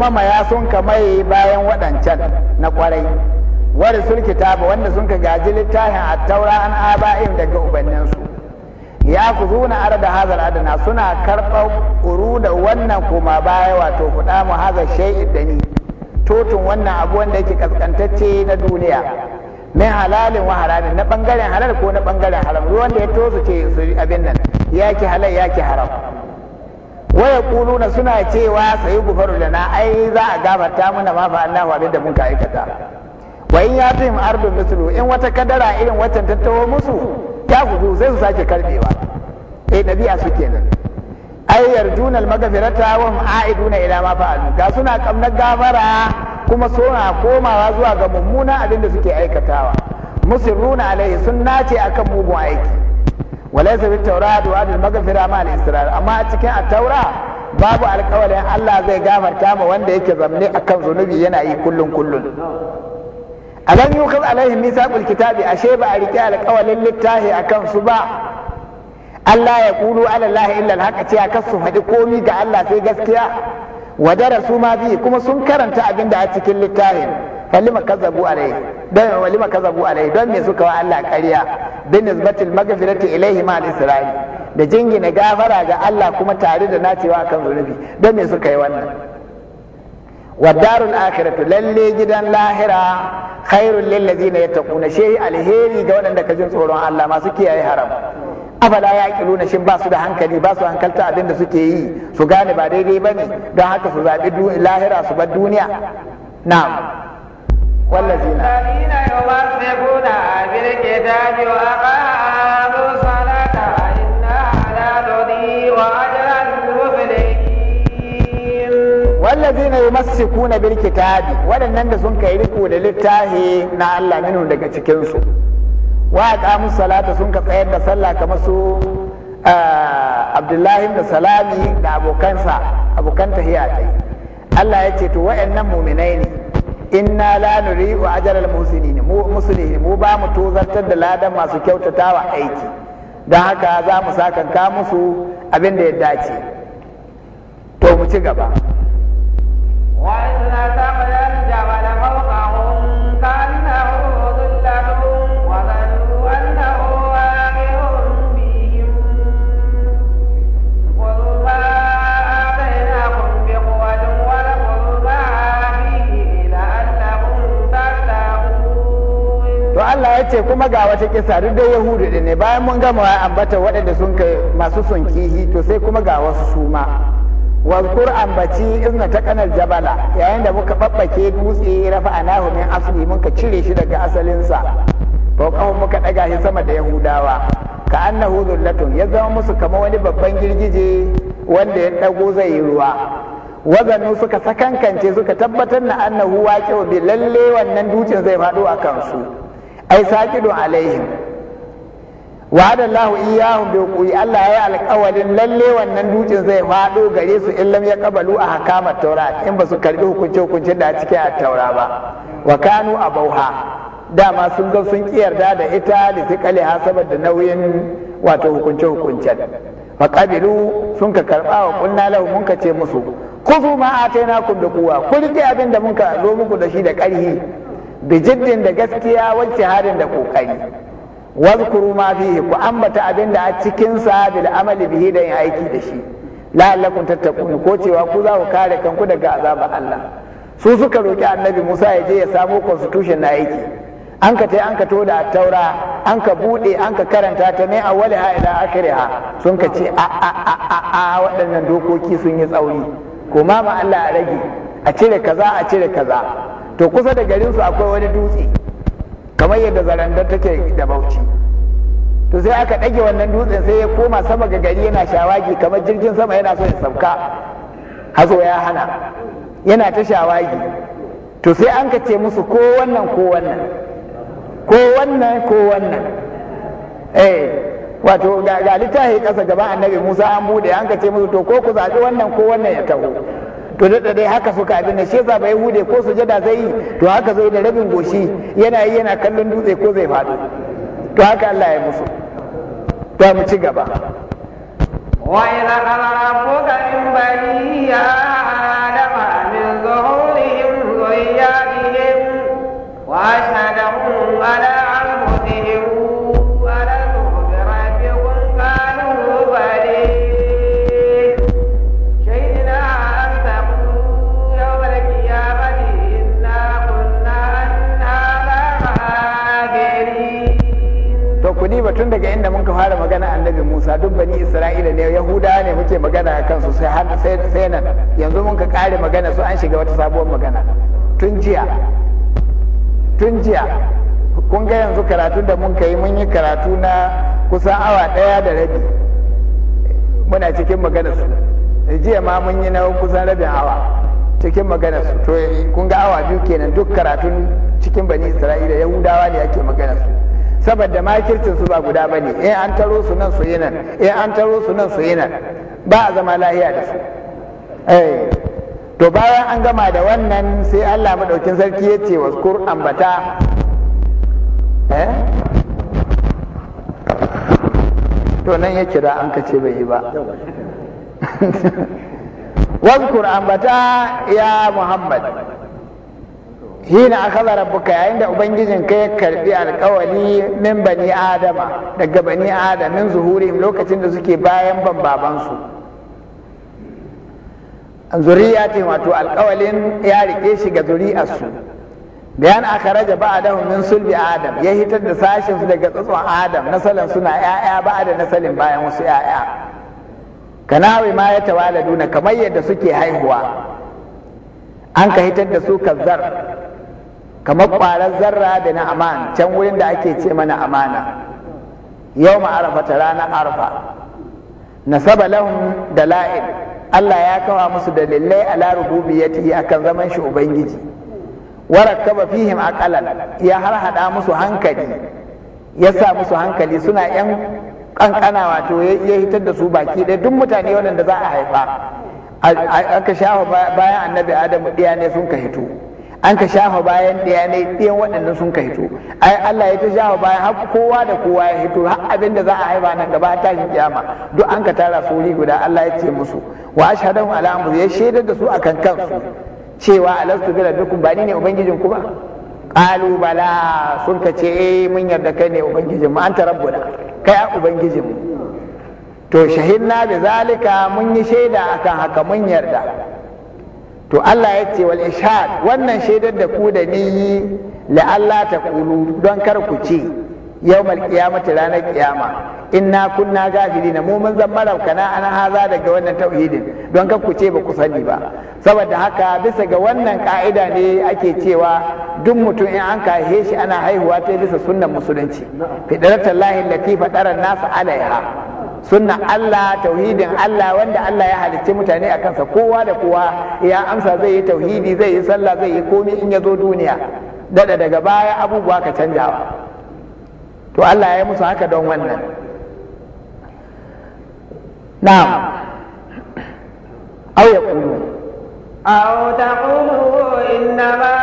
kuma maya sun ka mai bayan waɗancan na ƙwarai wani sun kitaba wanda sun ka gaji littafin a taura an aba'in daga ubanninsu ya ku zuna ara da hazar adana suna karɓar ƙuru da wannan kuma baya wato kuɗa mu hazar shai'id da ni totun wannan abu wanda yake ƙasƙantacce na duniya min halalin wa haramin na ɓangaren halal ko na ɓangaren haram ruwan da ya tosu ce abin nan ya ki halal ya ki haram waya kuluna suna cewa sai gufaru na" ai za a gabata mana ma fa Allah wa da mun ka aikata wa in yatim ardun mislu in wata kadara irin waccan tattawo musu ta gudu zai su sake karbewa eh dabi'a su kenan ai yarjuna almaghfirata wa hum aiduna ila ma fa'alu ga suna kamnar gafara kuma suna komawa zuwa ga mummunan abinda suke aikatawa musirruna alaihi sun nace akan mugun aiki walaysa bit tawrat wa adil maghfira ma al-israr amma a cikin at-taura babu alƙawarin Allah zai gafarta ma wanda yake zamne akan zunubi yana yi kullun kullun alam yukhaz alaihim mithaqul kitabi ashe ba a rike alƙawarin littafi akan su ba Allah ya kulu ala Allah illa haka ce aka su faɗi komi ga Allah sai gaskiya wa darasu ma bi kuma sun karanta abinda a cikin littafin falima kazabu alai dan walima kazabu alai don me suka wa Allah ƙarya bin nisbatil magfirati ilaihi ma isra'i da jingina gafara ga Allah kuma tare da nacewa kan zunubi don me suka yi wannan wa darul akhiratu lalle gidan lahira khairul lil ladina yattaquna shi alheri ga waɗanda ka jin tsoron Allah masu kiyaye haram afala yaqiluna shin basu da hankali basu hankalta abin da suke yi su gane ba daidai bane don haka su zabi lahira su bar duniya na'am والذين الذين يمسكون بالكتاب وأقاموا الصلاة إنا لا نضيع أجر المفلحين والذين يمسكون بالكتاب ولن نندسون كيركو للتاه منهم daga cikinsu, su wa salata sun ka tsayar da sallah kamar su Abdullahi da Salami da abokansa abokan Allah ya ce to nan mu'minai ne inna la wa ajral musulmin mu musulmin mu ba mu tozartar da ladan masu kyautatawa aiki don haka za mu sakanka musu abin da ya dace to mu ci gaba ya ce kuma ga wata kisa duk da yahudu da ne bayan mun gama ya ambata waɗanda sun kai masu son kihi to sai kuma ga wasu suma wazkur ambaci izna ta kanar jabala yayin da muka babbake dutse rafa anahu min asli muka cire shi daga asalinsa fawqahu muka ɗaga shi sama da yahudawa ka annahu dhullatun ya zama musu kama wani babban girgije wanda ya dago zai yi ruwa wazanu suka sakankance suka tabbatar na annahu waqi'u bi lalle wannan dutsen zai faɗo a kansu ai saqidu alaihim wa'ada Allahu iyyahum bi uqi Allah ya alƙawarin lalle wannan dutsen zai faɗo gare su in lam yaqbalu a hakamar taura in ba su karbi hukunce hukunci da a taura ba wa kanu abauha dama sun ga sun kiyarda da ita da tikali saboda nauyin wato hukunce hukuncen fa qabilu sun ka karba wa kunna lahu mun ka ce musu kuzu ma atainakum bi quwwa ku abin da mun ka zo muku da shi da karhi bi da gaskiya wacce harin da kokari wazkuru ma fihi ku ambata abin da a cikin sa bil amali bihi da yin aiki da shi la'allakum tattaqun ko cewa ku za ku kare kanku daga azaba Allah su suka roki annabi Musa ya je ya samo constitution na aiki an ka tai an ka toda taura an ka bude an ka karanta ta mai awwaliha ila akhiriha sun ka ce a a a a, a waɗannan dokoki sun yi tsauri ko ma Allah a rage a cire kaza a cire kaza to kusa da garinsu akwai wani dutse kamar yadda zarandar take da bauchi to sai aka dage wannan dutsen sai ya koma sama ga gari yana shawagi kamar jirgin sama yana so ya sauka hazo ya hana yana ta shawagi to sai an ka ce musu ko wannan ko wannan ko wannan ko wannan eh wato ga littafi kasa gaban annabi musa an bude an ka ce musu to ko ku zaɓi wannan ko wannan ya taho to da dai haka suka abin da shesa bai hude ko sujada zai yi to haka zai da rabin goshi yana yi yana kallon dutse ko zai faɗo to haka Allah ya musu to mu ci gaba wa ila rabbuka in ya adama min zuhurihim dhurriyyatihim wa shadahum ala tun daga inda mun ka fara magana annabi Musa duk bani Isra'ila ne Yahuda ne muke magana a kansu sai har sai nan yanzu mun ka kare magana su an shiga wata sabuwar magana tun jiya tun jiya kun ga yanzu karatu da mun kai mun yi karatu na kusan awa ɗaya da rabi muna cikin magana su jiya ma mun yi na kusan rabin awa cikin magana su to kun ga awa biyu kenan duk karatun cikin bani Isra'ila Yahudawa ne ake magana su saboda makircin su ba guda bane in eh, an taro su nan su yi nan in eh, an taro su nan su yi nan ba a zama lahiya da su eh to bayan an gama da wannan sai Allah madaukin sarki ya ce waskur ambata eh to nan ya kira an kace bai yi ba waskur ambata ya Muhammad hina akhadha rabbuka yayin da ubangijin ka ya karbi alkawali min bani adama daga bani adam min lokacin da suke bayan ban baban su ce wato alkawalin ya rike shi ga zuri'ar su bayan akharaja ba'dahu min sulbi adam ya hitar da sashin su daga tsatson adam nasalan suna ya'ya ba da nasalin bayan wasu ya'ya kanawi ma ya na kamar yadda suke haihuwa an ka hitar da su kazzar kamar ƙwarar zarra da na amana, can wurin da ake ce mana amana yau ma'arafa ta ranar arfa saba lahun da la'in Allah ya kawa musu dalilai a ya rububiyyati akan zaman shi ubangiji warakkaba fihim aqalan ya haɗa musu hankali ya sa musu hankali suna yan kankana wato ya hitar da su baki ɗaya duk mutane waɗanda za a haifa aka shafa bayan annabi adamu ɗiya ne sun ka hito an ka shafa bayan ɗaya ne ɗayan waɗanda sun ka hito ai Allah ya ta shafa bayan har kowa da kowa ya hito har abin da za a haifa nan gaba ta yi kiyama duk an ka tara su wuri guda Allah ya ce musu wa ashhadu ala amr ya shaidar da su akan kansu cewa alastu bi rabbikum ba ni ne ubangijin ku ba qalu bala sun ka ce eh mun yarda kai ne ubangijin mu an ta rabbuna kai a ubangijin mu to shahidna bi zalika mun yi shaida akan haka mun yarda to Allah ya ce wal ishad wannan shaidar da ku da yi la Allah ta kulu don kar ku ce yawmal qiyamati ranar kiyama inna kunna gafilin mu mun zan kana an haza daga wannan tauhidin don kar ku ce ba ku sani ba saboda haka bisa ga wannan ka'ida ne ake cewa duk mutum in an kahe shi ana haihuwa ta bisa sunnan musulunci fidratallahi lati fadaran nasu alaiha sunna Allah tauhidin Allah wanda Allah ya halicci mutane a kansa kowa da kowa ya amsa zai yi tauhidi zai yi sallah zai yi komi in ya zo duniya dada daga baya abubuwa ka canjawa to Allah ya yi musu haka don wannan na'am aw yaqulu aw taqulu inna ma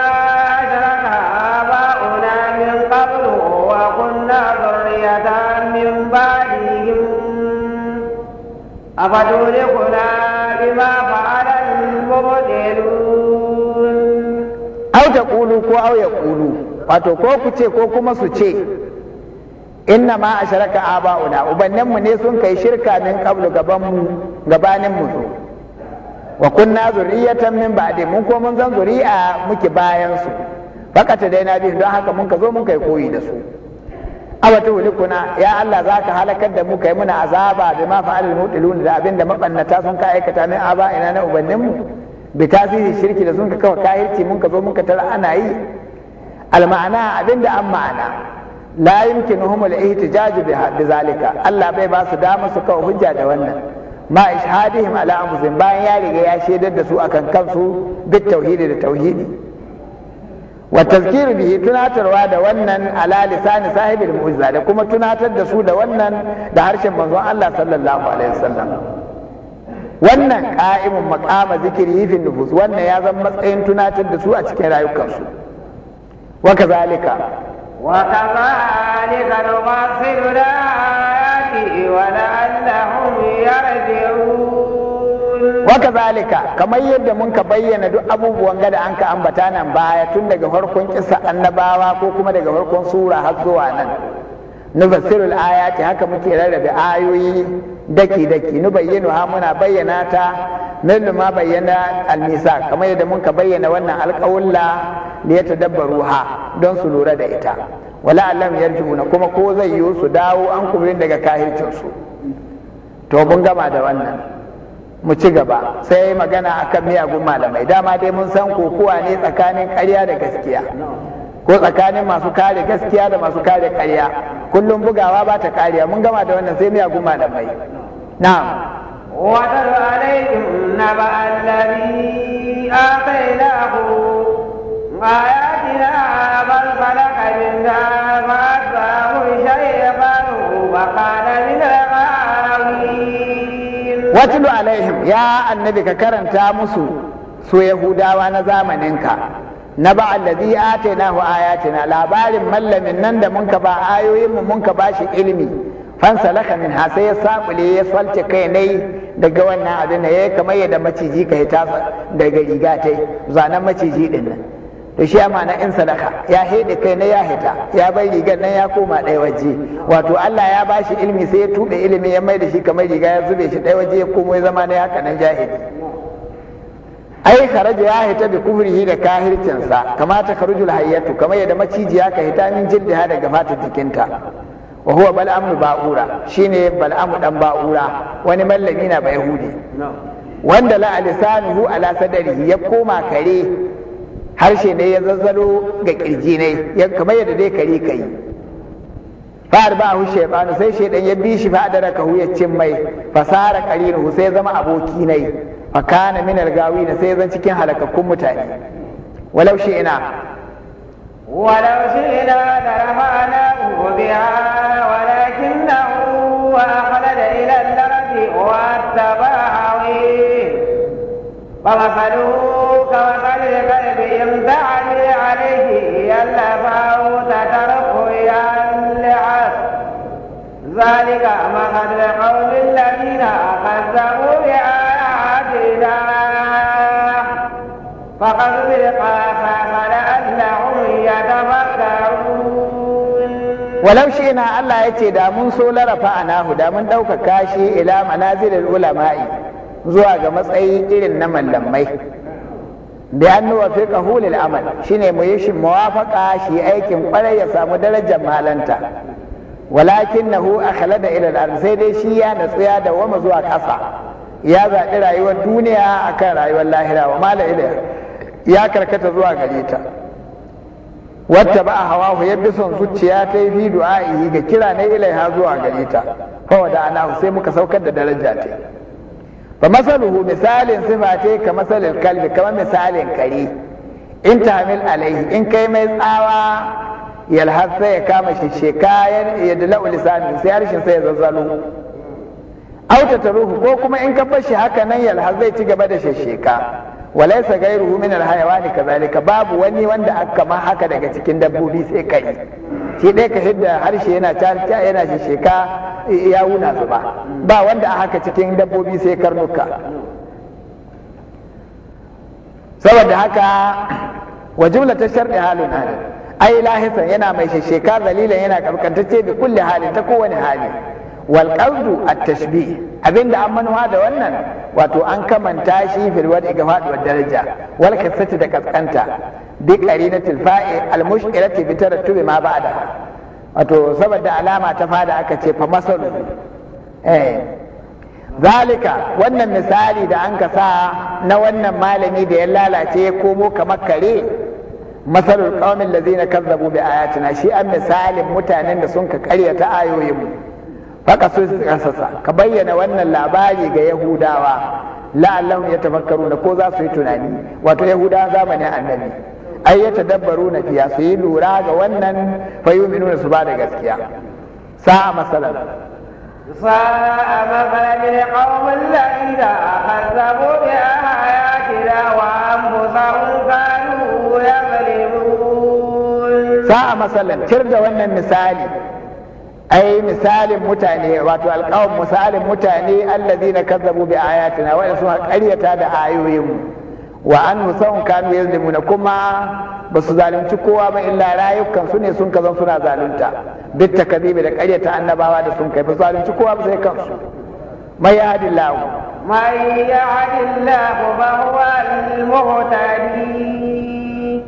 jaraka ba'una min qablu wa kunna dhurriyatan min ba'd أفتهلكنا بما فعل المبطلون أو تقولوا أو يقولوا wato ko ku ce ko kuma su ce inna ma a sharaka aba'una ubanninmu ne sun kai shirka min qablu gabanmu gabanin mu zo wa kunna zurriyatan min ba'di mun ko mun zan zuri'a muke bayan su fakata dai na biyu don haka mun ka zo mun kai koyi da su awa tuhlikuna ya Allah za ka halakar da mu kai muna azaba bima fa'alul mutilun da abinda mabannata sun ka aikata min aba ina na ubannin mu bi tasiri shirki da sun ka kawa kahirci mun ka zo mun ka tara ana yi alma'ana abinda an ma'ana la yumkinuhum al-ihtijaj bi zalika Allah bai ba su dama su kawo hujja da wannan ma ishadihim ala anfusihim bayan ya riga ya shaidar da su akan kansu bit tauhidi da tauhidi wa tazkiru bihi tunatarwa da wannan ala lisani sahibil mu'jiza da kuma tunatar da su da wannan da harshen manzon Allah sallallahu alaihi wasallam wannan qa'imun maqama zikri fi nufus wannan ya zama matsayin tunatar da su a cikin rayukansu wa kazalika waka zalika kamar yadda mun ka bayyana duk abubuwan gada an ka ambata nan baya tun daga farkon kisa annabawa ko kuma daga farkon sura har zuwa nan nufassirul ayati haka muke rarrabe ayoyi daki daki nu bayyana ha muna bayyana ta min ma bayyana almisa kamar yadda mun ka bayyana wannan alƙawulla da ya tadabbaru ha don su lura da ita wala alam yarjuna kuma ko zai yiwu su dawo an kubrin daga kahircin su to mun gama da wannan mu ci gaba sai magana akan miyagun malamai dama dai mun san kokowa ne tsakanin ƙarya da gaskiya ko tsakanin masu kare gaskiya da masu kare ƙarya kullum bugawa ba ta kariya mun gama da wannan sai miyagun malamai na'am واتل عليكم نبأ الذي آتيناه آياتنا فانسلخ watulu alaihim ya annabi ka karanta musu su yahudawa na zamaninka na ba allazi atainahu ayatina labarin mallamin nan da muka ba ayoyin mu munka ba shi ilimi fansalaka min ha sai ya sabule ya salce kai nai daga wannan abin da ya kamar yadda maciji ka hita daga riga tai zanen maciji din Da shi ya ma'ana in sadaka ya hede kai na ya hita ya bai rigar nan ya koma ɗaya waje wato Allah ya bashi ilimi sai ya tuɓe ilimi ya mai da shi kamar riga ya zube shi ɗaya waje ya komo ya zama na ya haka nan jahili ai kharaja ya hita bi kufrihi da sa kamata kharujul hayyatu kamar yadda macijiya ka hita min jildiha daga fatar jikinta wa huwa bal'amu ba'ura shine bal'amu dan ba'ura wani mallami na ba yahudi wanda la alisanuhu ala sadari, ya koma kare harshe ne ya zazzalo ga kirji ne kamar yadda dai kare yi fa'ar ba hu shaytanu sai shaidan ya bi shi fa'ada da kahu ya cin mai fasara qarinu sai zama aboki ne fa kana min algawi sai zan cikin halakakkun mutane walau shi ina ولو شئنا لرفعناه بها ولكنه أخلد إلى الأرض واتبع هويه فمثله كمثل الكلب إن دعني عليه يلفه تتركه ينلعس ذلك مثل القوم الذين كذبوا بآياتنا فقد بالقافة فلعلهم يتفكرون ولو شئنا الله يتي دامون سولر فأناه دامون دوك كاشي إلى منازل العلماء zuwa ga matsayi irin na mallamai bi an kahulil hu amal shine mu yi shi muwafaqa shi aikin kwarai ya samu darajar malanta walakinahu akhlada ila al-ard sai dai shi ya natsu ya da wama zuwa kasa ya zaɓi rayuwar duniya akan rayuwar lahira wa mala ila ya karkata zuwa gare ta wata ba a hawa ya bi son zuciya ta yi du'a'i ga kira na ilaiha zuwa gare ta fa wada ana sai muka saukar da daraja ta fa masaluhu misalin sifa ce ka masalin kalbi kamar misalin kare in tamil alaihi in kai mai tsawa yalhar sai ya kama shi shekayen ya dala lisani sai harshen sai ya zazzalo auta ta ruhu ko kuma in ka bar shi haka nan yalhar zai ci gaba da shesheka walaisa gairu min alhayawan kazalika babu wani wanda aka ma haka daga cikin dabbobi sai kai shi dai ka hidda harshe yana tarta yana shisheka ya wuna su ba wanda a haka cikin dabbobi sai karnuka saboda haka wa jumla ta sharri halin, ai lahisan yana mai shisheka zalilan yana karkantacce bi kulli halin ta kowane hali wal a tashbi tashbih abinda an manuwa da wannan wato an kamanta shi firwar ga faduwar daraja wal kasati da kaskanta bi qarinatil fa'i al mushkilati bi tarattubi ma ba da. wato saboda alama ta fada aka ce fa masal eh zalika wannan misali da an ka sa na wannan malami da ya lalace ya komo kamar kare masalul qaumin lazina kazzabu bi ayatina shi an misalin mutanen da sun ka karyata ayoyinmu haka so su sassa ka bayyana wannan labari ga yahudawa la'allahu ya tafakkaru da ko za su yi tunani wato yahudawa zamanin annabi ai ya tadabbaru na fiya su yi lura ga wannan fayyuminu su ba da gaskiya sa'a masalan ساء مثلا لقوم الذين كذبوا بآياتنا وأنفسهم كانوا يظلمون ساء masalan ترجع wannan misali. ai misalin mutane wato alƙawun misalin mutane allazi na kazzabu bi ayatina wanda a ƙaryata da ayoyinmu wa an musamman kanu yazlimuna kuma ba su zalunci kowa ba illa rayukan su ne sun kazan suna zalunta duk takazibi da ƙaryata annabawa da sun kai ba zalunci kowa ba sai kansu mai yadin lahu mai yadin lahu ba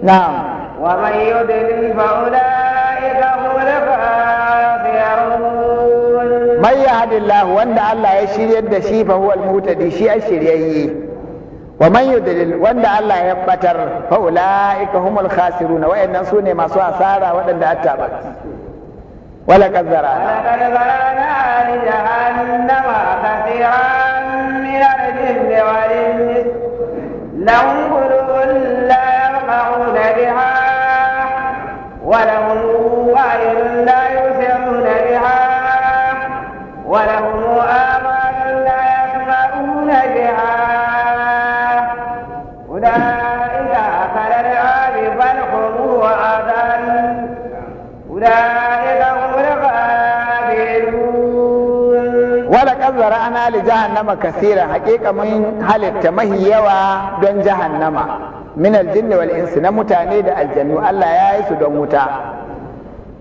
na'am man yahdillahu wanda Allah ya shiryar da shi fa huwa al-muhtadi shi ya shiryayye wa man yudlil wanda Allah ya batar fa ulaika humul khasiruna wayannan sune masu asara waɗanda attaba wala kazzara laqad zarana li jahannama kathiran min al-jinni wal insi lahum qulubun la yafqahuna biha wa lahum a'yunun la yusiruna khalaqna li jahannama kasira haƙiƙa mun halitta mahi yawa don jahannama min aljinni wal insi na mutane da aljannu Allah ya yi su don wuta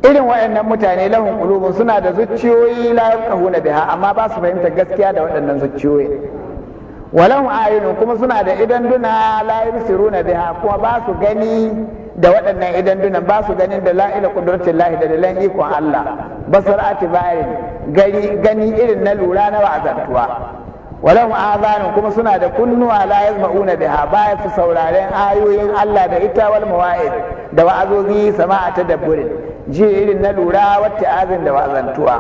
irin waɗannan mutane lahun qulubun suna da zuciyoyi la na biha amma ba su fahimta gaskiya da waɗannan zuciyoyi walahum ayunun kuma suna da idan idanduna la yusiruna biha kuma ba su gani da waɗannan idan dunan ba su ganin da la'ila kudratin lahi da dalilan ikon Allah basar atibarin bayan gani irin na lura na wa'azantuwa walau azanin kuma suna da kunnuwa la yazma'una biha baya su sauraren ayoyin Allah da ita wal mawa'id da wa'azozi sama'a dabburi, ji irin na lura wata azin da wa'azantuwa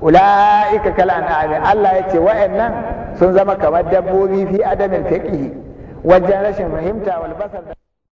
ula'ika kalan an'ami Allah ce wa'annan sun zama kamar dabbobi fi adamin fiqhi wajen rashin fahimta wal basar